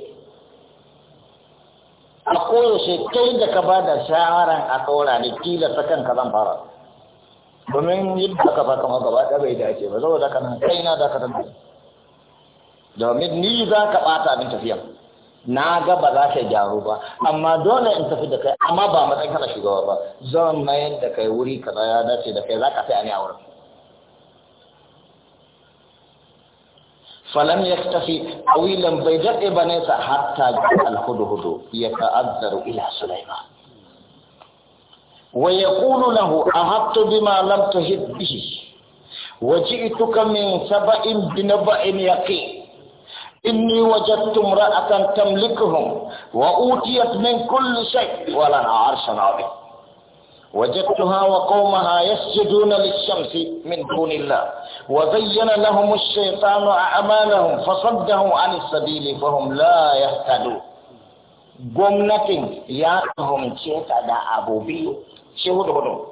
a koyaushe kai da ka ba da shawaran a kora ne kila ta kanka zan fara domin yin aka ba kama gaba ɗaya bai dace ba saboda kana kai na da ka domin ni za ka ɓata min tafiya na ga ba za ka gyaru ba amma dole in tafi da kai amma ba matsayin kana shugaba ba zan mayar da kai wuri ka ya dace da kai za ka sai a a wurin falam a wilan bai daɗe ba nesa hatta ga alhudu-hudu ya ta'azzaru ila sulaiman ويقول له أهبت بما لم تهب به وجئتك من سبأ بنبأ يقين إني وجدت امرأة تملكهم وأوتيت من كل شيء ولها عرش عظيم وجدتها وقومها يسجدون للشمس من دون الله وزين لهم الشيطان أعمالهم فصدهم عن السبيل فهم لا يهتدون جملة ya fahimce أبو بيو shi hudu hudu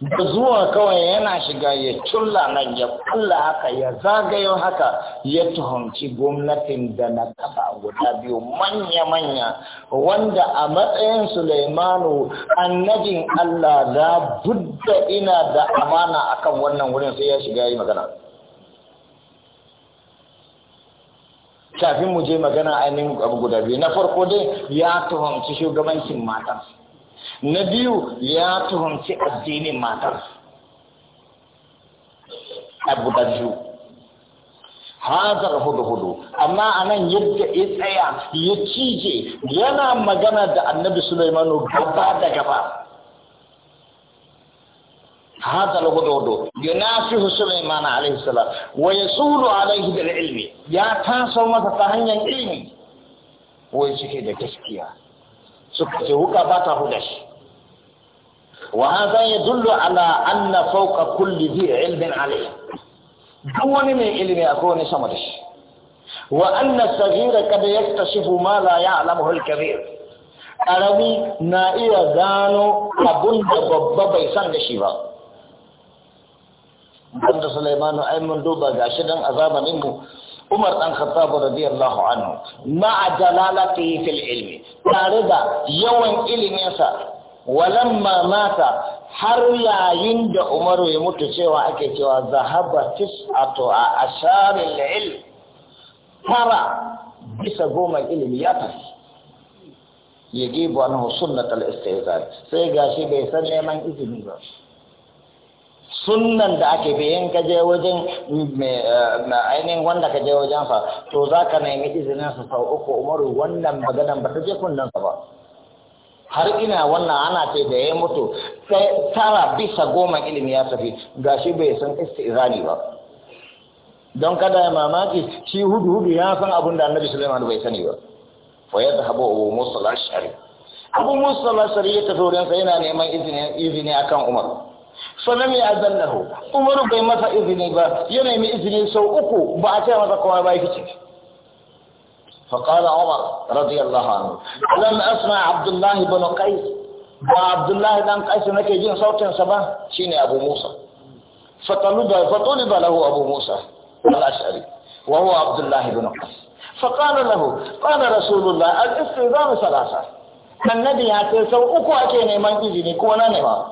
da zuwa kawai yana shiga ya culla nan ya kulla haka ya zagayo haka ya tuhunci gwamnatin da na kafa guda biyu manya-manya wanda a matsayin Sulaimanu annabin Allah da budda ina da amana akan wannan wurin sai ya shiga yi magana kafin mu je magana ainihin abu guda biyu na farko dai ya tuhunci shugabancin matansu na biyu ya tuhumci addinin matar abu da biyu hazar hudu-hudu amma a nan yadda ya tsaya ya cije yana magana da annabi sulaimanu gaba da gaba هذا الغدود ينافه سليمان عليه السلام ويسول عليه بالعلم يا تاسو متى تهنيا علمي ويشكي ده wuƙa سكتي هو كباتا وهذا يدل على أن فوق كل ذي علم عليه دون من علم أكون سمدش وأن الصغير قد يكتشف ما لا يعلمه الكبير أرمي نائر دانو أبن ببب بيسان شباب wanda Sulaimanu ai mun duba gashi dan azabanin mu Umar dan Khattab radiyallahu anhu ma'a jalalati fil ilmi tare da yawan iliminsa Walan mamata har yayin da umaru ya mutu cewa ake cewa zahaba tis'atu a asharin la'il, fara bisa goma ilimi ya tafi ya gibu an sunnat al-istizar sai gashi bai san neman izini ba sunnan da ake bayan ka je wajen ainihin wanda ka je wajensa to za ka nemi izinin sa sau uku umaru wannan maganan ba ta je kunnensa ba har ina wannan ana ce da ya mutu tara bisa goma ilimi ya tafi gashi bai san istizani ba don kada ya mamaki shi hudu hudu ya san abin da annabi sulaiman bai sani ba fa ya zahaba abu musa al-ashari abu musa al-ashari ya tafi wurin sa yana neman izini izini akan umar falam ya azallahu umar bai masa izini ba ya nemi izini sau uku ba a ce masa kowa ba ya fice فقال عمر رضي الله عنه لم أسمع عبد الله بن قيس وعبد الله بن قيس نكي جين صوت سبا شيني أبو موسى فطلب فطلب له أبو موسى الأشعري وهو عبد الله بن قيس فقال له قال رسول الله الاستئذان ثلاثة النبي هاتي سو أكو أكيني من إذني كون انا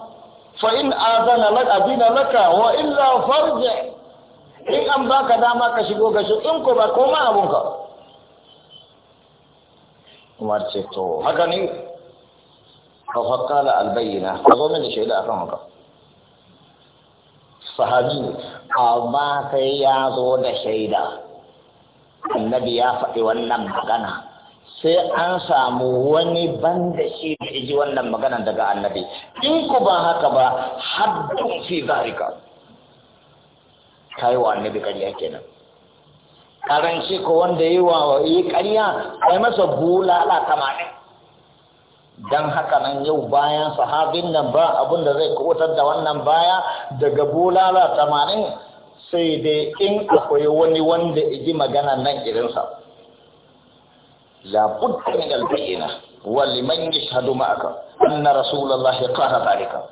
فإن آذن لك أذن لك وإلا فرجع إن أم باك داما كشبوك شو إنكو ما أبوك umar ce to haka ne ka fakkala albayyana ka zo mini shaida akan haka sahabi amma sai ya zo da shaida annabi ya faɗi wannan magana sai an samu wani banda shi da ji wannan magana daga annabi in ku ba haka ba haddun fi zarika kai wa annabi kariya kenan karan shi ko wanda yi wa yi ƙarya sai masa bulala tamanin don haka nan yau bayan sahabin nan ba abin da zai kubutar da wannan baya daga bulala tamanin sai dai in akwai wani wanda iji magana nan irinsa budda min albayyina wa liman yashhadu ma'aka anna rasulullahi qala dhalika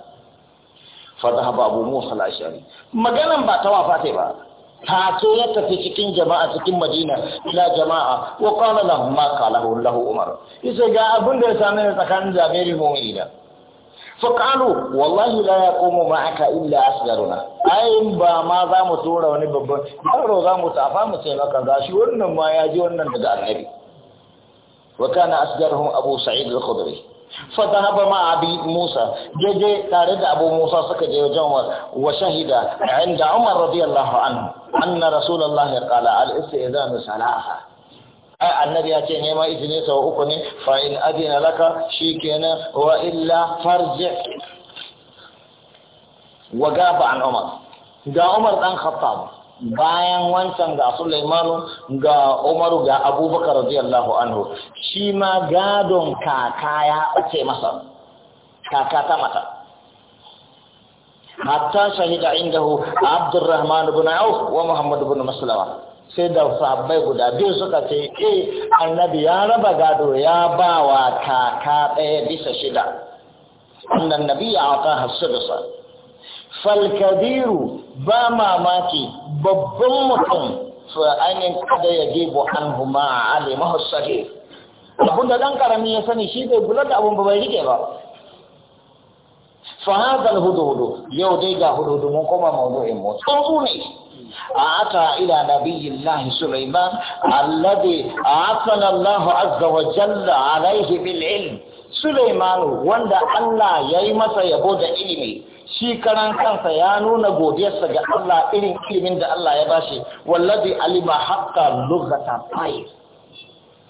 fa dhahaba abu musa al-ash'ari maganan ba ta wafa ba taso ya tafi cikin jama'a cikin madina ila jama'a wa qala lahum maka lahu umar yace ga abin da ya same na tsakanin jabiri mu'mina fakalu wallahi la yaqumu ma'aka illa asgaruna ai ba ma za mu tura wani babban yaro za mu tafa mu ce maka gashi wannan ma ya ji wannan daga annabi wa kana asgaruhum abu sa'id al-khudri fa zahaba ma abi musa jeje tare da abu musa suka je wajen wa shahida inda umar radiyallahu anhu anna rasulullahi qala al istizanu salasa ai annabi ya ce neman izini sa uku ne fa in adina laka shikenan wa illa farji wa gaba an umar ga umar dan khattab bayan wancan ga Sulaimanu ga Umaru ga Abubakar radiyallahu anhu shi ma gadon kaka ya ce masa kaka ta mata hatta shahida indahu Abdurrahman ibn Auf wa Muhammad ibn Maslama sai da sahabbai guda biyu suka ce eh annabi ya raba gado ya ba wa kaka ɗaya bisa shida annan nabi ya da sa. falkabiru ba mamaki babban mutum fa ainihin kada ya je buhan huma alimahu sahih abun da ɗan ƙarami ya sani shi bai kula da abun ba bai rike ba fa hudu hududu yau dai ga hududu mun koma mawdu'in mu tsoro ne ata ila nabiyillahi sulaiman alladhi atana Allah azza wa jalla alaihi bil ilm wanda Allah ya yi masa yabo da ilimi shi karan kansa ya nuna godiyarsa ga Allah irin ilimin da Allah ya bashi wallazi alima haqqa lughata tayr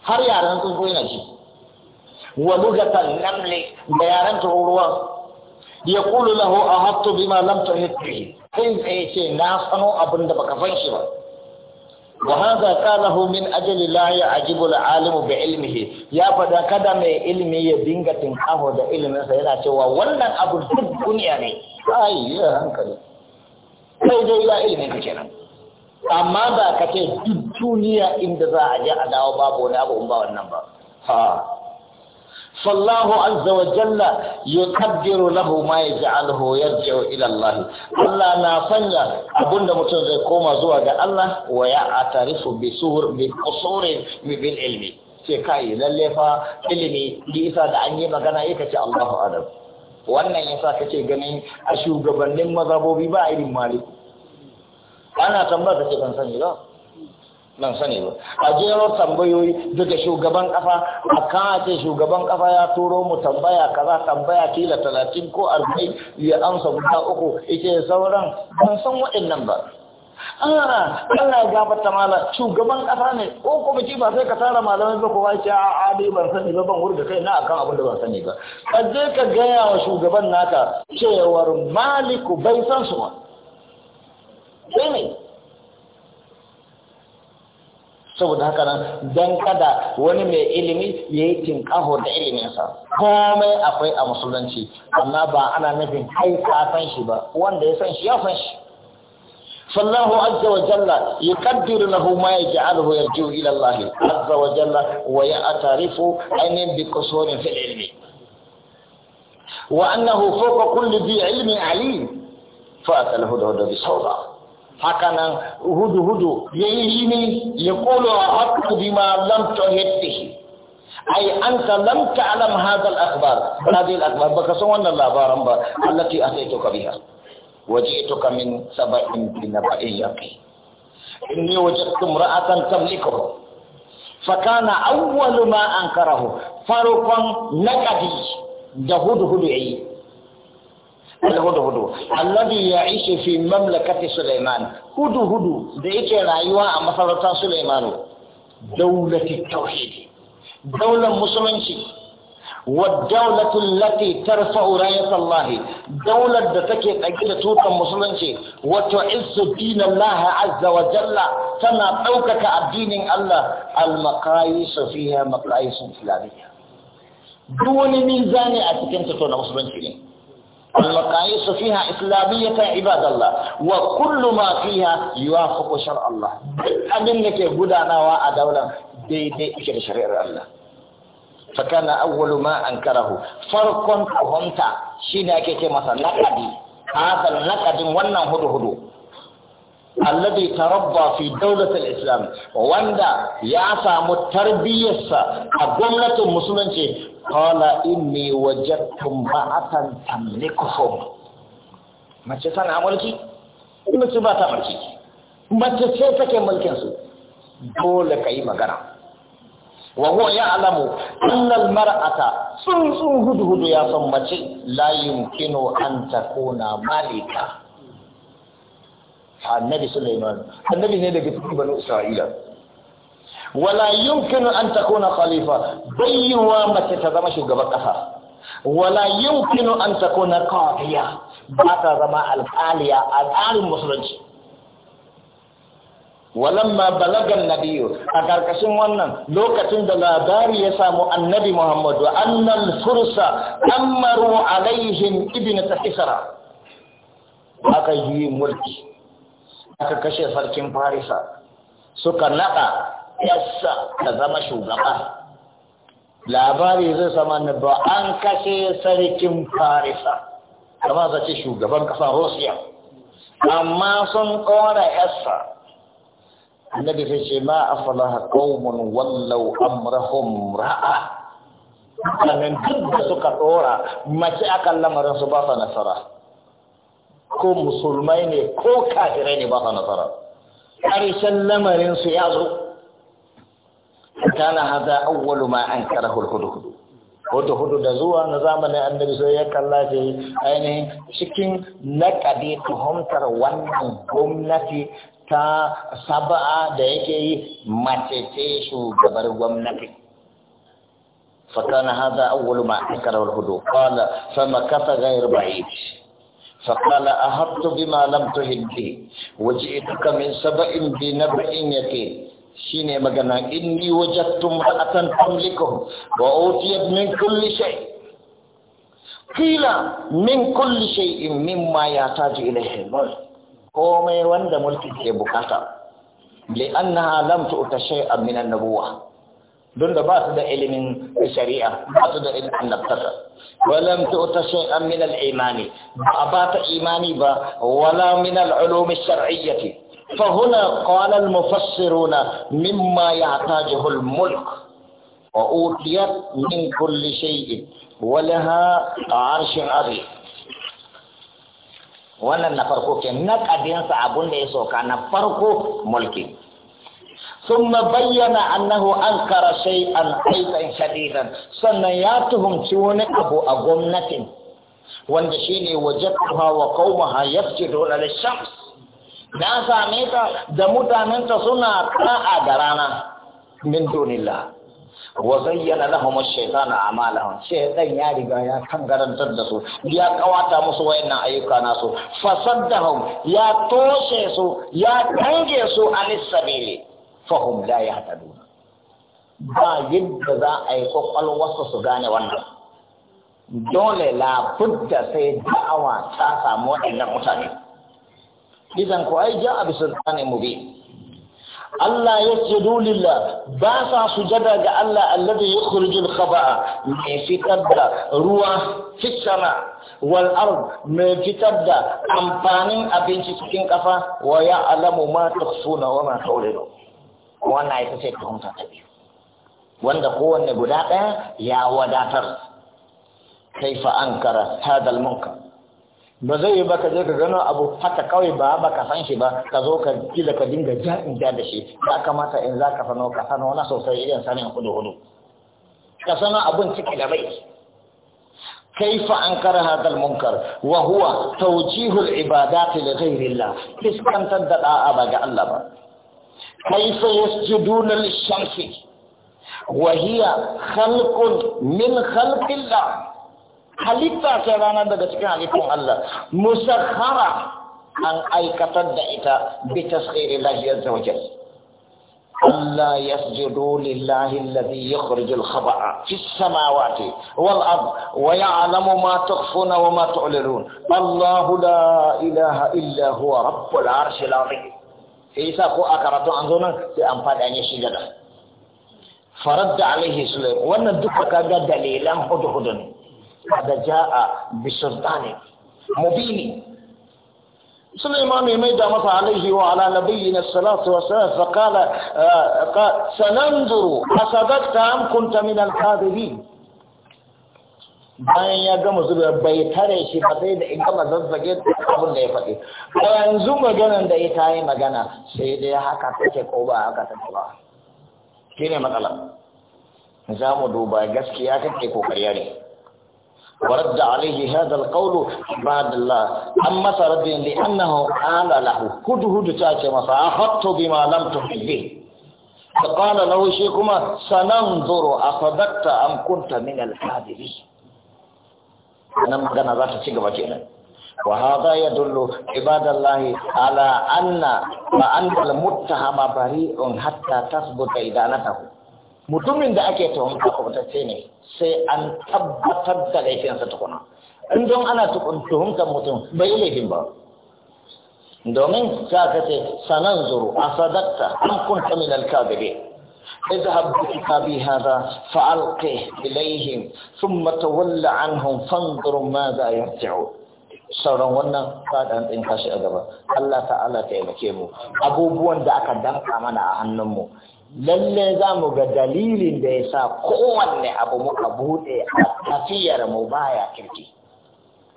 har yaran sun koyi na ji wa lughatan namli da yaran ruwa ya kulu lahu ahattu bima lam tuhit bihi sai ce na sano abin da baka san shi ba wahanza kala homin ajali laaya ajibu la alimu bi ilmi he ya fada kada mai ilmi ya dinga tin aho da ilimin yana cewa wannan abu duk duniya ne ai ya hankali sai dai la ilimi ne kenan amma ba kace duk duniya inda za a je a dawo babo na ba umma ba فالله عز ya يقدر له ما يجعله يرجع الى allah Allah na sanya da mutum zai koma zuwa ga Allah wa ya atarifu bi suhur bi qusur bil ilmi ce kai lalle fa ilimi da isa da an yi magana yake ce Allahu adam wannan yasa kace ganin a shugabannin mazabobi ba irin maliku ana tambaya kace ban sani ba nan sani ba a jero tambayoyi daga shugaban kafa a kan ce shugaban kafa ya turo mu tambaya kaza tambaya kila talatin ko arba'in ya amsa guda uku ita sauran ban san waɗannan ba ana ah, Allah ya gafarta mala shugaban kasa ne ko kwamiti ba sai ka tara malamai ba kowa ce a adi ban sani ba ban wurga kai na akan abin da ban sani ba ka je ka gaya wa shugaban naka cewar maliku bai san su ba sai saboda hakanan, nan kada wani mai ilimi ya yi tinkaho da iliminsa komai akwai a musulunci amma ba ana nufin kai ka san shi ba wanda ya san shi ya san shi sallahu azza wa jalla ya kaddiri na huma ya ji alhu ya ji ila Allah azza wa jalla wa ya a ainihin bi kusurin fi ilimi wa annahu fuka kulli bi ilimin ali fa'atalahu da wadda bi sauran Hakanan hudu hudu ya yi rini ya kolo a haku bima lam tuhid shi. ai anta lam ta'lam hadha al-akhbar hadhihi al-akhbar baka san wannan labaran ba Allah biya. Waje biha waji'tuka min ba'in sab'in bi naba'in yaqin inni wajadtu imra'atan tamlikuhu fakana awwalu ma an ankarahu farqan naqadi da hudu hudu ya yi. wanda hudu hudu annabi ya ishe fi mamlakati suleiman hudu hudu da yake rayuwa a masarautar suleiman daulati tauhidi daulan musulunci wa lati tarfa'u rayat Allah daulat da take dauke da tukan musulunci wato izzu din Allah azza wa jalla tana ɗaukaka addinin Allah al maqayis fiha maqayis islamiyya duk wani mizani a cikin tsoro na musulunci ne المقاييس فيها إسلامية عباد الله وكل ما فيها يوافق شرع الله أبن لك قدانا وأدولا دي دي إشر شريع الله فكان أول ما أنكره فرق أهمتا شناك كما نقدي هذا النقد ونن هدو هدو الذي تربى في دولة الإسلام واندا يعصى متربية الجملة المسلمة qala inni wajadtum ba'atan tamlikuhum mace tana mulki mace ba ta mulki mace ce take mulkin su dole yi magana wa huwa ya'lamu anna al-mar'ata tsuntsun hudu-hudu ya san mace layin kino an takuna malika annabi sulaiman annabi ne daga cikin banu isra'ila ولا يمكن أن تكون خليفة بيوا ما تتزم شغب ولا يمكن أن تكون قاضية بعد زماء الآلية الآل المسلج ولما بلغ النبي أكار كسيم وانا لو كتن دل داري يسام النبي محمد وأن الفرس أمروا عليهم ابن تحسر أكا يجي ملك أكا كشي فاركين فارسا سوكا نقا yassa ka zama shugaba labari zai sama ne ba an kashe sarkin farisa kama za ce shugaban kasar rusiya amma sun kora yassa annabi sai ce ma a afalaha qaumun wallau amrahum ra'a sannan duk da suka ɗora mace akan lamarin su ba nasara ko musulmai ne ko kafirai ne ba sa nasara ƙarshen lamarin su ya zo كان هذا أول ما أنكره الهدهد هدهد دزوا نظام النبي صلى الله عليه وسلم يعني شكين نكدي تهمتر وانا gwamnati تا سبعة da yake yi macece shugabar فكان هذا أول ما أنكره الهدوء قال فمكث غير بعيد فقال أهبت بما لم تهد به وجئتك من سبع بنبأ يتيم Shi ne magana inni wajadtu ra'atan tamlikuhum wa utiyat min kulli shay kila min kulli shay'in mimma yataju ilayhi al komai wanda mulki ke bukata li'annaha lam tu'ta shay'an min an-nubuwah don da ba su da ilimin shari'a ba su da ilimin annabtaka walam tu'ta shay'an min al-imani ba ba ta imani ba wala min al-ulum ash-shar'iyyah فهنا قال المفسرون مما يحتاجه الملك وأوتيت من كل شيء ولها عرش عظيم wannan na farko ke na ƙadinsa abun da ya soka na farko mulki ثم بين أنه أنكر شيئا أيضا شديدا sannan ya tuhumci wani abu a gwamnatin wanda shine wajadtuha wa qaumaha yafjiduna lishams na same ta da mutanenta suna ta'a da rana min dunillah wa zayyana lahum ash-shaytanu a'malahum shaytan ya riga ya kangarantar da su ya kawata musu wayannan ayyuka nasu fasaddahum ya toshe su ya kange su anis fahum la yahtadun ba yadda za a yi wasu su gane wannan dole lafudda sai da'awa ta samu waɗannan mutane idan ku ai ja bi sultanin mubin Allah ya ce lillah ba sa sujada ga Allah alladhi yukhrijul khaba'a mai fitar da ruwa fisama wal ard mai fitar da amfanin abinci cikin kafa wa ya'lamu ma tukhfuna wa ma tu'linu wannan ita ce tuhumta ta biyu wanda kowanne guda ɗaya ya wadatar kaifa ankara hadal munkar ba zai yi ba ka je ka gano abu haka kawai ba ba san shi ba ka zo ka kila ka dinga ja in ja da shi ya kamata in za ka sano ka sano na sosai irin sanin hudu hudu ka sano abun ciki da bai kaifa an kara hadal munkar wa huwa tawjihul ibadat li ghayrillah fiskantar da da'a ba ga Allah ba kaifa yasjuduna lish-shamsi wa hiya khalqun min khalqillah halitta ce ranar daga cikin halittun Allah musakhara an aikatar da ita bi tasghiri lahi azza wajal Allah yasjudu lillahi alladhi yukhrij al-khaba'a fi as-samawati wal ard wa ya'lamu ma tukhfuna wa ma tu'lirun Allahu la ilaha illa huwa rabbul arshi al azim Isa ko a karatu an zo nan sai an fada ne shi gada faradda alaihi sulaim wannan duka kaga dalilan hudu hudhudun قد جاء بسلطان مبين سليمان يميد مصر عليه وعلى نبينا الصلاة والسلام فقال آه قال سننظر أصدقت أم كنت من الكاذبين bayan ya gama zuba bai tare shi ba sai da in gama zazzage abin da ya faɗi a yanzu maganan da ya ta yi magana sai dai haka take ko ba haka take ba shi ne matsala za mu duba gaskiya kake ko karya ne ورد عليه هذا القول عباد الله أما رد لأنه قال له هدهد تاكي ما فأخذت بما لم تحب به فقال له شيكما سننظر أصدقت أم كنت من الحادثين أنا مغنى ذات سيقبا بجينا وهذا يدل عباد الله على أن فأنت المتهم بريء حتى تثبت إدانته mutumin da ake tuhum a ne sai an tabbatar da laifinsa tukuna in don ana tuhumtar mutum bai laifin ba domin za ka ce sanan zuru a sadatta an kunta min alkabirin اذهب بكتابي هذا فألقه an ثم تول عنهم فانظر ماذا يرجعون sauran wannan fadan din kashi a gaba Allah ta'ala ta mu abubuwan da aka damka mana a hannunmu lalle za mu ga dalilin da ya sa kowanne abu muka buɗe a tafiyar mu baya kirki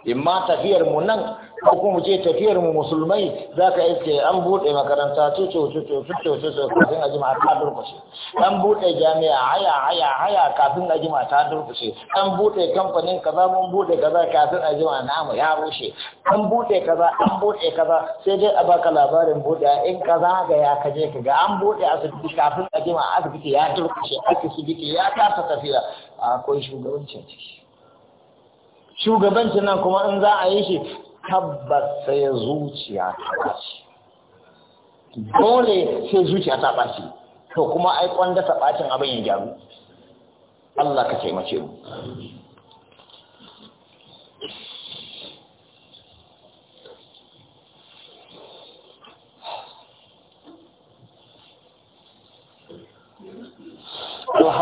imma tafiyar mu nan ko kuma ce tafiyar mu musulmai za ka iske an buɗe makaranta cuce cuce cuce cuce kafin a jima ta durkushe an buɗe jami'a haya haya haya kafin a jima ta durkushe an buɗe kamfanin kaza mun buɗe kaza kafin a jima namu ya rushe an buɗe kaza an buɗe kaza sai dai a baka labarin buɗe in kaza ga ya kaje ka ga an buɗe asibiti kafin a jima asibiti ya durkushe asibiti ya kasa tafiya akwai shugabancin ciki shugabancin nan kuma in za a yi shi tabbas sai zuciya ta ɓaci dole sai zuciya ta ɓaci to kuma ai kwan ta ɓacin abin yin gyaru Allah ka taimake mu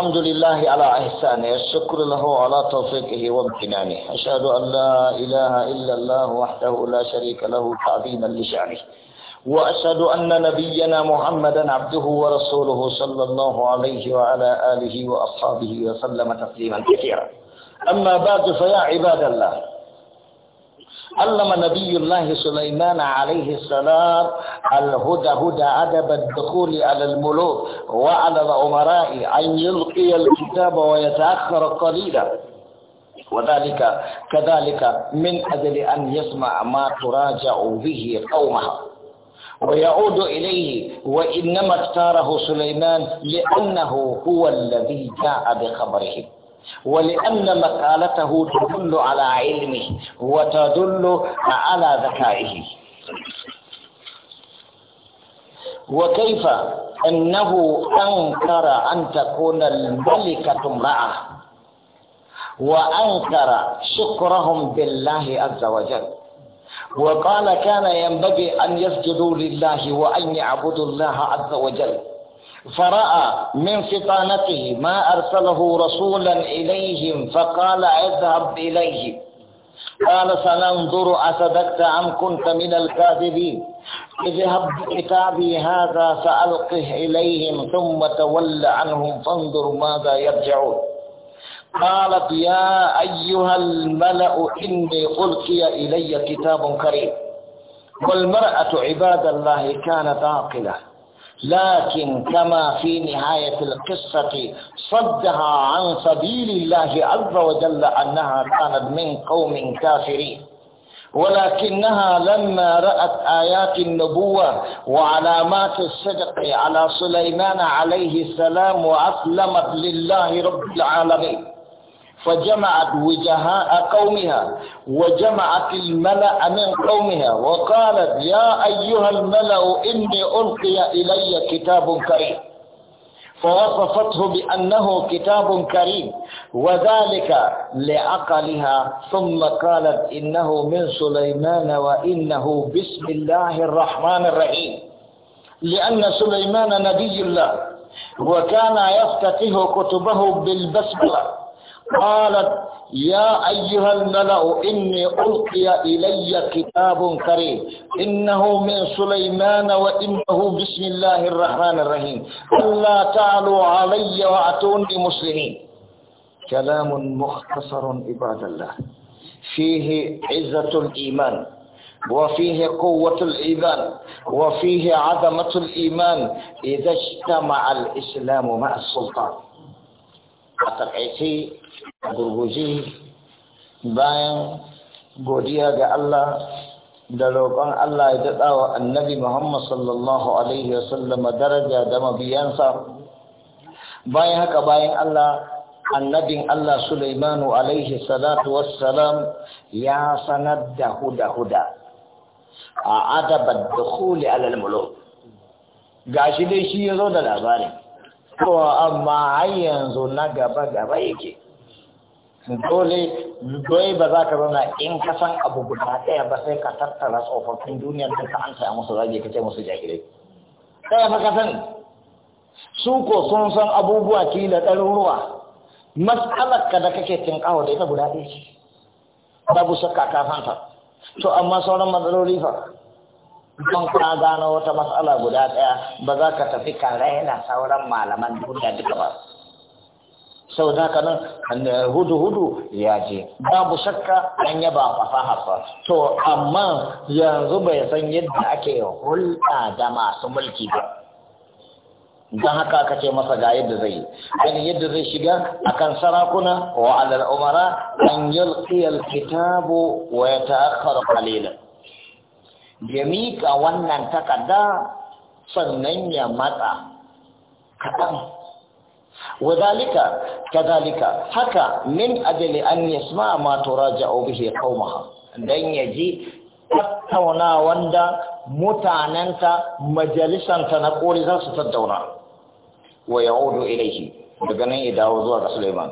الحمد لله على إحسانه الشكر له على توفيقه وامتنانه أشهد أن لا إله إلا الله وحده لا شريك له تعظيما لشأنه وأشهد أن نبينا محمدا عبده ورسوله صلى الله عليه وعلى آله وأصحابه وسلم تسليما كثيرا أما بعد فيا عباد الله علم نبي الله سليمان عليه السلام الهدى هدى عدم الدخول على الملوك وعلى الأمراء أن يلقي الكتاب ويتأخر قليلا وذلك كذلك من أجل أن يسمع ما تراجع به قومها ويعود إليه وإنما اختاره سليمان لأنه هو الذي جاء بخبره ولأن مقالته تدل على علمه وتدل على ذكائه وكيف أنه أنكر أن تكون الملكة امرأة وأنكر شكرهم بالله عز وجل وقال كان ينبغي أن يسجدوا لله وأن يعبدوا الله عز وجل فرأى من فطانته ما أرسله رسولا إليهم فقال اذهب إليه قال سننظر أصدقت أم كنت من الكاذبين اذهب بكتابي هذا فألقه إليهم ثم تول عنهم فانظر ماذا يرجعون قالت يا أيها الملأ إني ألقي إلي كتاب كريم والمرأة عباد الله كانت عاقلة لكن كما في نهاية القصة صدها عن سبيل الله عز وجل أنها كانت من قوم كافرين ولكنها لما رأت آيات النبوة وعلامات الصدق على سليمان عليه السلام وأسلمت لله رب العالمين فجمعت وجهاء قومها وجمعت الملأ من قومها وقالت يا أيها الملأ إني ألقي إلي كتاب كريم فوصفته بأنه كتاب كريم وذلك لعقلها ثم قالت إنه من سليمان وإنه بسم الله الرحمن الرحيم لأن سليمان نبي الله وكان يفتتح كتبه بالبسملة قالت يا أيها الملأ إني ألقي إلي كتاب كريم إنه من سليمان وإنه بسم الله الرحمن الرحيم ألا تعلوا علي وأتوني مسلمين كلام مختصر عباد الله فيه عزة الإيمان وفيه قوة الإيمان وفيه عظمة الإيمان إذا اجتمع الإسلام مع السلطان أترعيسي gurguje bayan godiya ga Allah da roƙon Allah ya daɗa wa annabi Muhammad sallallahu Alaihi wasallama daraja da mabiyansa bayan haka bayan Allah annabin Allah Sulaimanu alaihi salatu wassalam ya sanar da huda-huda a adabar da huli alal gashi dai shi ya zo da labari kowa amma har yanzu na gaba-gaba yake dole dole ba za ka zauna in ka san abu guda ɗaya ba sai ka tattara tsofaffin duniya da ka an saya musu zage ka ce musu jahilai ɗaya fa ka su ko sun san abubuwa kila ɗaruruwa mas'alar ka da kake cin da ita guda ɗaya ce babu shakka ka fanta to amma sauran matsaloli fa don ka gano wata matsala guda ɗaya ba za ka tafi ka raina sauran malaman duniya duka ba sau da nan hudu hudu ya je babu shakka an yaba fasaha ba to amma yanzu bai san yadda ake hulɗa da masu mulki ba don haka aka ce masa ga yadda zai yi yadda zai shiga akan sarakuna wa alal umara an yalqi kitabu wa yata'akhkhar qalilan ya mika wannan takarda sannan ya matsa kaɗan wadalika kadalika haka min ajali an yasma ma turaja'u bihi qaumaha dan yaji tattauna wanda mutanenta majalisanta na ƙori za su tattauna ويعود إليه بقني إذا وضوك سليمان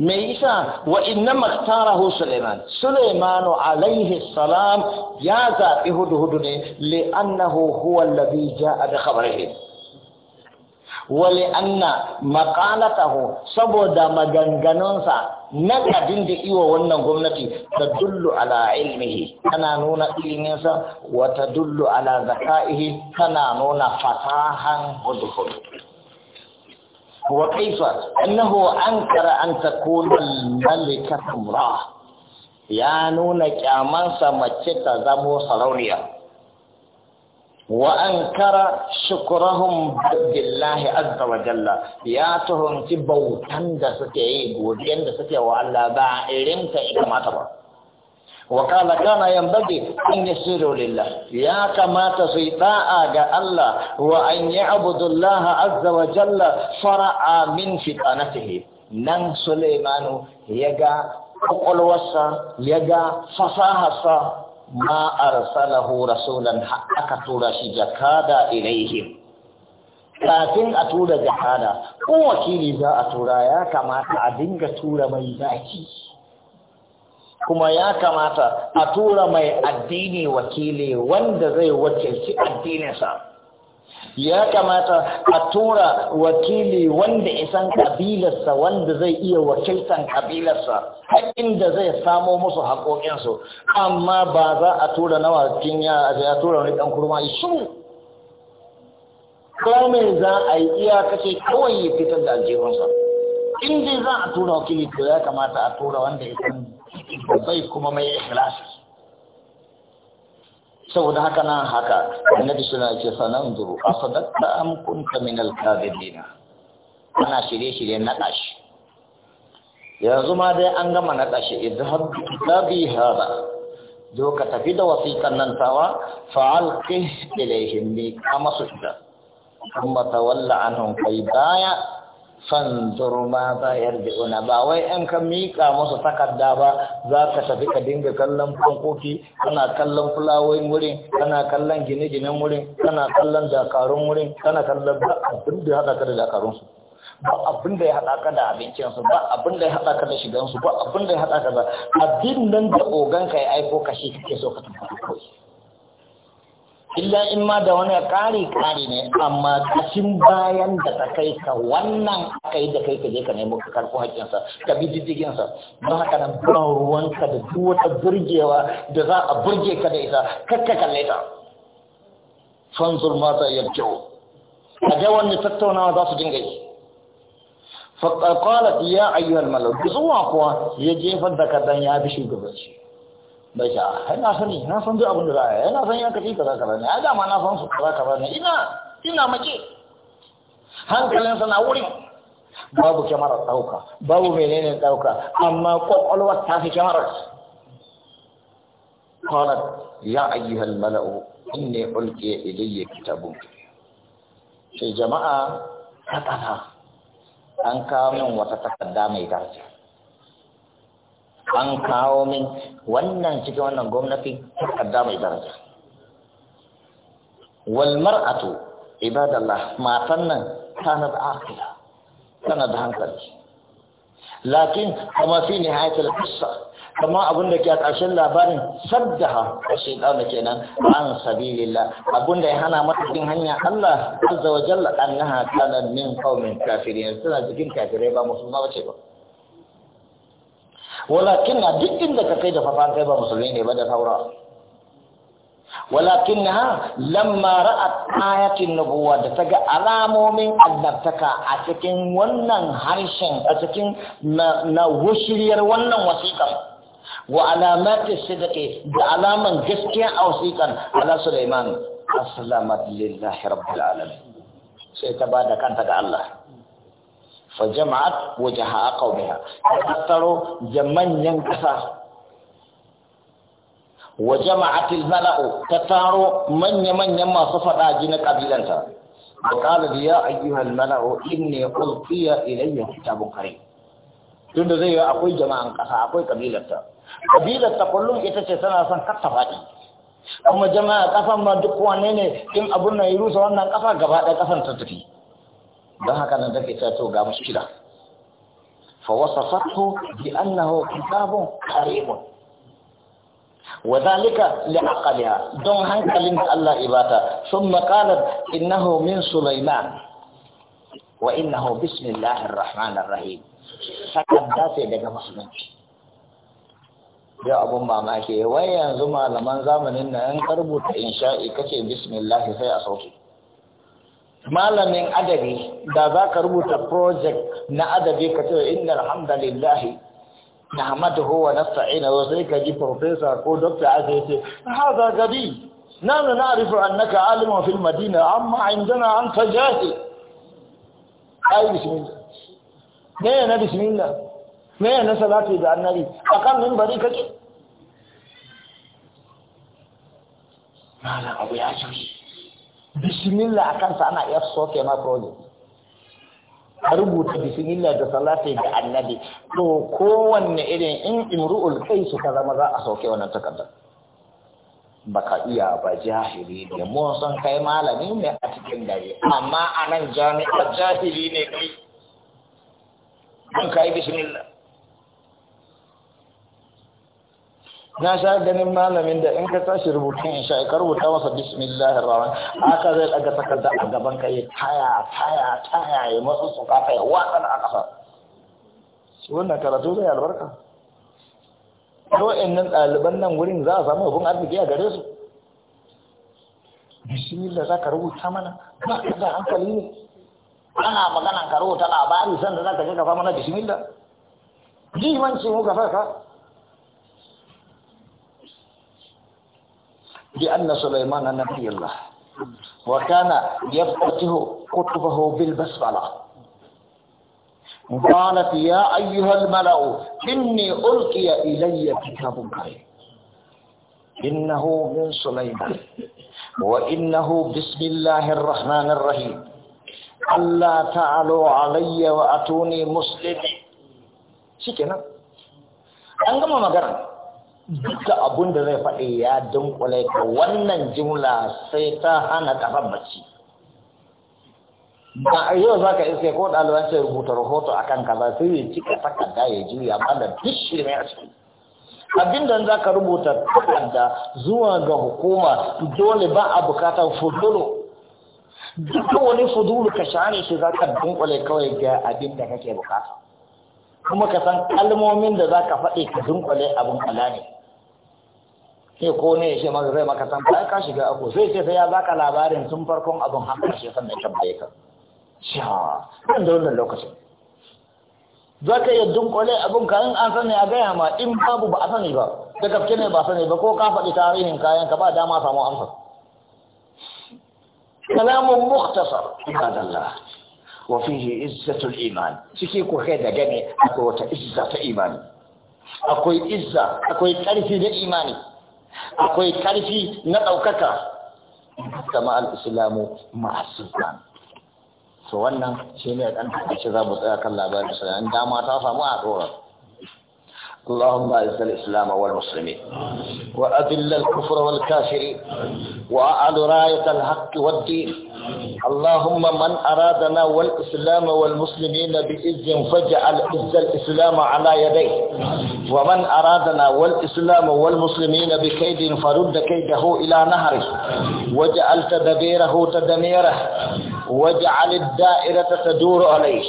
ميسا وإنما اختاره سليمان سليمان عليه السلام يازع إهد لأنه هو الذي جاء بخبره wale anna maqalatahu saboda maganganunsa na abin da iwa wannan gwamnati ta dullu ala ilmihi tana nuna ilminsa wa ta dullu ala zaka'ihi tana nuna fasahan hudu-hudu wa kaifa annahu ankara an takuna al ra ya nuna kyamansa mace ta zamo sarauniya wa’ankara shukurahun billahi azza wa ya tuhunci bautan da suke yi godiyar da suke wa Allah ba a irinta ita mata ba. wa kala kana yan bade in yasiru lillah ya kamata su yi da'a ga Allah wa an Abdullahi abudullah azza wa jalla fara'a min fitanatihi nan Suleimanu ya ga kwakwalwarsa ya ga fasahar ma arsalahu rasulan aka tura shi jakada ilaihim kafin a tura jakada ko wakili za a tura ya kamata a dinga tura mai zaki kuma ya kamata a tura mai addini wakili wanda zai wakilci addininsa ya kamata a tura wakili wanda isan kabilarsa wanda zai iya wakiltan kabilarsa inda zai samo musu haƙoƙinsu amma ba za a tura na wakin ya tura wani ɗan kurma isu kome za a yi iyakace kawai ya fitar da aljihunsa inda za a tura wakili to ya kamata a tura wanda isan bai kuma mai ikhlasi saboda haka nan haka annabi suna ce sanan duru a sadakta am kunta min al ana shirye-shirye na yanzu ma dai an gama na kashi idhab kitabi hada zo ka tafi da wasiƙan nan tawa fa'al qih ilayhim bi kama su da kuma walla anhum kai baya fanzur ma za a yarji'una ba wai an ka miƙa masa takarda ba za ka tafi ka dinga kallon fankoki kana kallon fulawoyin wurin kana kallon gine-ginen wurin kana kallon dakarun wurin kana kallon ba abin da ya haɗa ka da dakarun su ba abin da ya haɗa ka da abincin su ba abin da ya haɗa ka da shigan su ba abin da ya haɗa ka da abin nan da ogan ka ya aiko ka shi kake so ka tafi kawai illa in ma da wani ƙari kare ne amma kashin bayan da ta kai ka wannan kai da kai ka je ka nemo ka karko hakinsa ka bi diddiginsa don haka nan ba ruwanka da duk wata burgewa da za a burge ka da ita kakka kalle ta son zurma ta ya kyau a ga wani tattaunawa za su dinga yi faƙaƙalat ya ayyuhal malau zuwa kuwa ya jefa da kadan ya bi shugabanci bai sha na sani na san duk abin da za a yi na san yanka ci kaza kaza ne a dama na san su kaza kaza ne ina ina mace hankalinsa na wuri. babu kyamarar ɗauka babu menene ɗauka amma ƙwaƙwalwar ta fi kyamarar قالت يا أيها الملأ إني ألقي إلي كتاب sai jama'a ta kana an kawo min wata takarda mai daraja an kawo min wannan cikin wannan gwamnati kadda mai daraja wal mar'atu ibadallah matan nan tana da aqila da hankali lakin kuma fi da qissa kamar abun da ke a ƙarshen labarin saddaha a shekaru kenan an sabilillah abin da ya hana mata cikin hanya Allah azza wa jalla annaha kana min kaumin kafirin suna cikin kafirai ba musulma ce ba walakin duk inda ka kai da fafan kai ba musulmi ne ba da saura walakin na lamma ra'at ayatin nubuwa da ta ga alamomin annabtaka a cikin wannan harshen a cikin na wushiriyar wannan wasiƙar wa alamati sidqi da alaman gaskiya a wasiƙan ala sulaiman aslamat lillahi rabbil alamin sai ta bada kanta ga Allah fa jama'at wajaha qaumiha ta taro manyan kasa wa al mala'u ta taro manya manyan masu fada ji kabilanta wa qala ya al mala'u inni ulqiya ilayya kitabun karim tunda zai yi akwai jama'an kasa akwai kabilarta ta kullum ita ce tana son katta faɗi kuma jama'a kasan ma duk wane ne in abun nan ya rusa wannan kafa gaba ɗaya kasan ta tafi don haka nan take ta to ga mushkila fa wasafathu bi annahu kitabun karimun وذلك لعقلها دون هنكل الله إباتا ثم قالت إنه من سليمان وإنه بسم الله الرحمن الرحيم فقد داسي daga musulunci ya abun mamaki wai yanzu malaman zamanin nan an karbuta insha'i kace bismillah sai a sauke malamin adabi da za ka rubuta project na adabi ka ce inna alhamdulillahi nahmaduhu wa nasta'inu wa sai ka ji professor ko doctor aka yace hada gabi na na'rifu annaka alimu fil madina amma indana anta jahil ai bismillah ne na bismillah ne na salatu da annabi akan min kake malam abu ya shi bismillah a kansa ana iya soke ma project a rubuta bismillah da salafi ga annabi to kowanne irin in imru'ul kai suka zama za a sauke wannan takardar baka iya ba jahili ne mun san kai malami ne a cikin dare amma a nan jami'a jahili ne kai an kai bismillah na sha ganin malamin da in ka tashi rubutun in sha ka rubuta masa bismillahir rahman haka zai daga takarda a gaban ka ya taya taya taya ya matsa su ka ya watsa a kasa shi wannan karatu zai albarka in nan ɗaliban nan wurin za a samu abin arziki a gare su bismillah za ka rubuta mana ba ka da hankali ne ana maganan ka rubuta labari sanda za ka je ka fa mana bismillah limanci fa ka بأن سليمان نبي الله وكان يفتح قطبه بالبسملة قالت يا أيها الملأ إني ألقي إلي كتاب كريم إنه من سليمان وإنه بسم الله الرحمن الرحيم ألا تعلوا علي وأتوني مسلمين شكرا أنكم مقرن duka abun da zai faɗi ya dunkule ka wannan jimla sai ta hana ƙafar bacci ba a yau za ka iske ko ɗaliban ce rubuta rahoto a kan kaza sai ya cika takarda ya juya ba da duk ne a ciki da za ka rubuta takarda zuwa ga hukuma dole ba a bukatar fudulu duk wani fudulu ka share shi za ka dunkule kawai ga abin da kake bukata kuma ka san kalmomin da za ka faɗi ka dunkule abin kala ne ke ko ne shi ce maka zai maka tambaya ka shiga abu sai ce sai ya baka labarin tun farkon abin haka shi sannan da tambaye ka sha nan da wannan lokacin zaka ka dunkole dunkule ka in an sani a gaya ma in babu ba a sani ba da gaske ne ba sani ba ko ka faɗi tarihin kayan ka ba dama samu amsa kalamun muktasar ibadallah wa fihi izzatul iman ciki ko kai da gane akwai wata izza ta imani akwai izza akwai karfi da imani akwai karfi na ɗaukaka kama al-islamu masu to wannan shi ne ɗan hadisi za mu tsaya kan labarin sa in dama ta samu a tsoron اللهم اعز الاسلام والمسلمين واذل الكفر والكافرين واعل رايه الحق والدين اللهم من أرادنا والإسلام والمسلمين بإذن فاجعل عز الإسلام على يديه ومن أرادنا والإسلام والمسلمين بكيد فرد كيده إلى نهره واجعل تدبيره تدميره واجعل الدائرة تدور عليه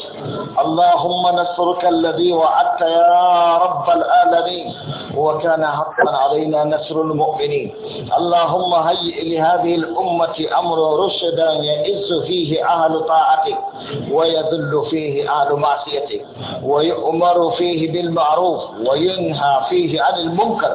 اللهم نصرك الذي وعدت يا رب العالمين وكان حقا علينا نصر المؤمنين اللهم هيئ لهذه الأمة أمر رشدا يئز فيه أهل طاعتك ويذل فيه أهل معصيتك ويؤمر فيه بالمعروف وينهى فيه عن المنكر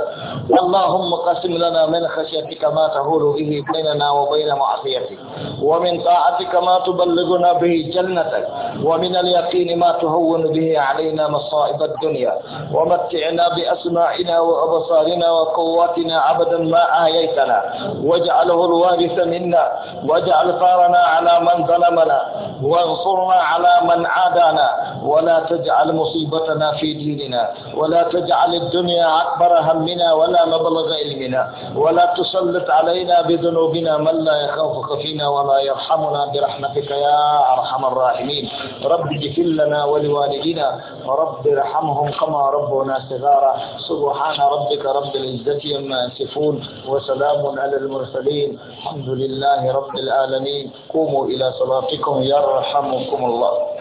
اللهم قسم لنا من خشيتك ما تهول به بيننا وبين معصيتك ومن طاعتك ما تبلغنا به جنتك ومن اليقين ما تهون به علينا مصائب الدنيا ومتعنا بأسماعنا وأبصارنا وقواتنا عبدا ما آيتنا واجعله الوارث منا واجعل ثارنا على من ظلمنا وانصرنا على من عادانا ولا تجعل مصيبتنا في ديننا ولا تجعل الدنيا أكبر همنا ولا على مبلغ علمنا ولا تسلط علينا بذنوبنا من لا يخافك فينا ولا يرحمنا برحمتك يا أرحم الراحمين رب اغفر لنا ولوالدينا رب ارحمهم كما ربنا صغارا سبحان ربك رب العزة عما يصفون وسلام على المرسلين الحمد لله رب العالمين قوموا إلى صلاتكم يرحمكم الله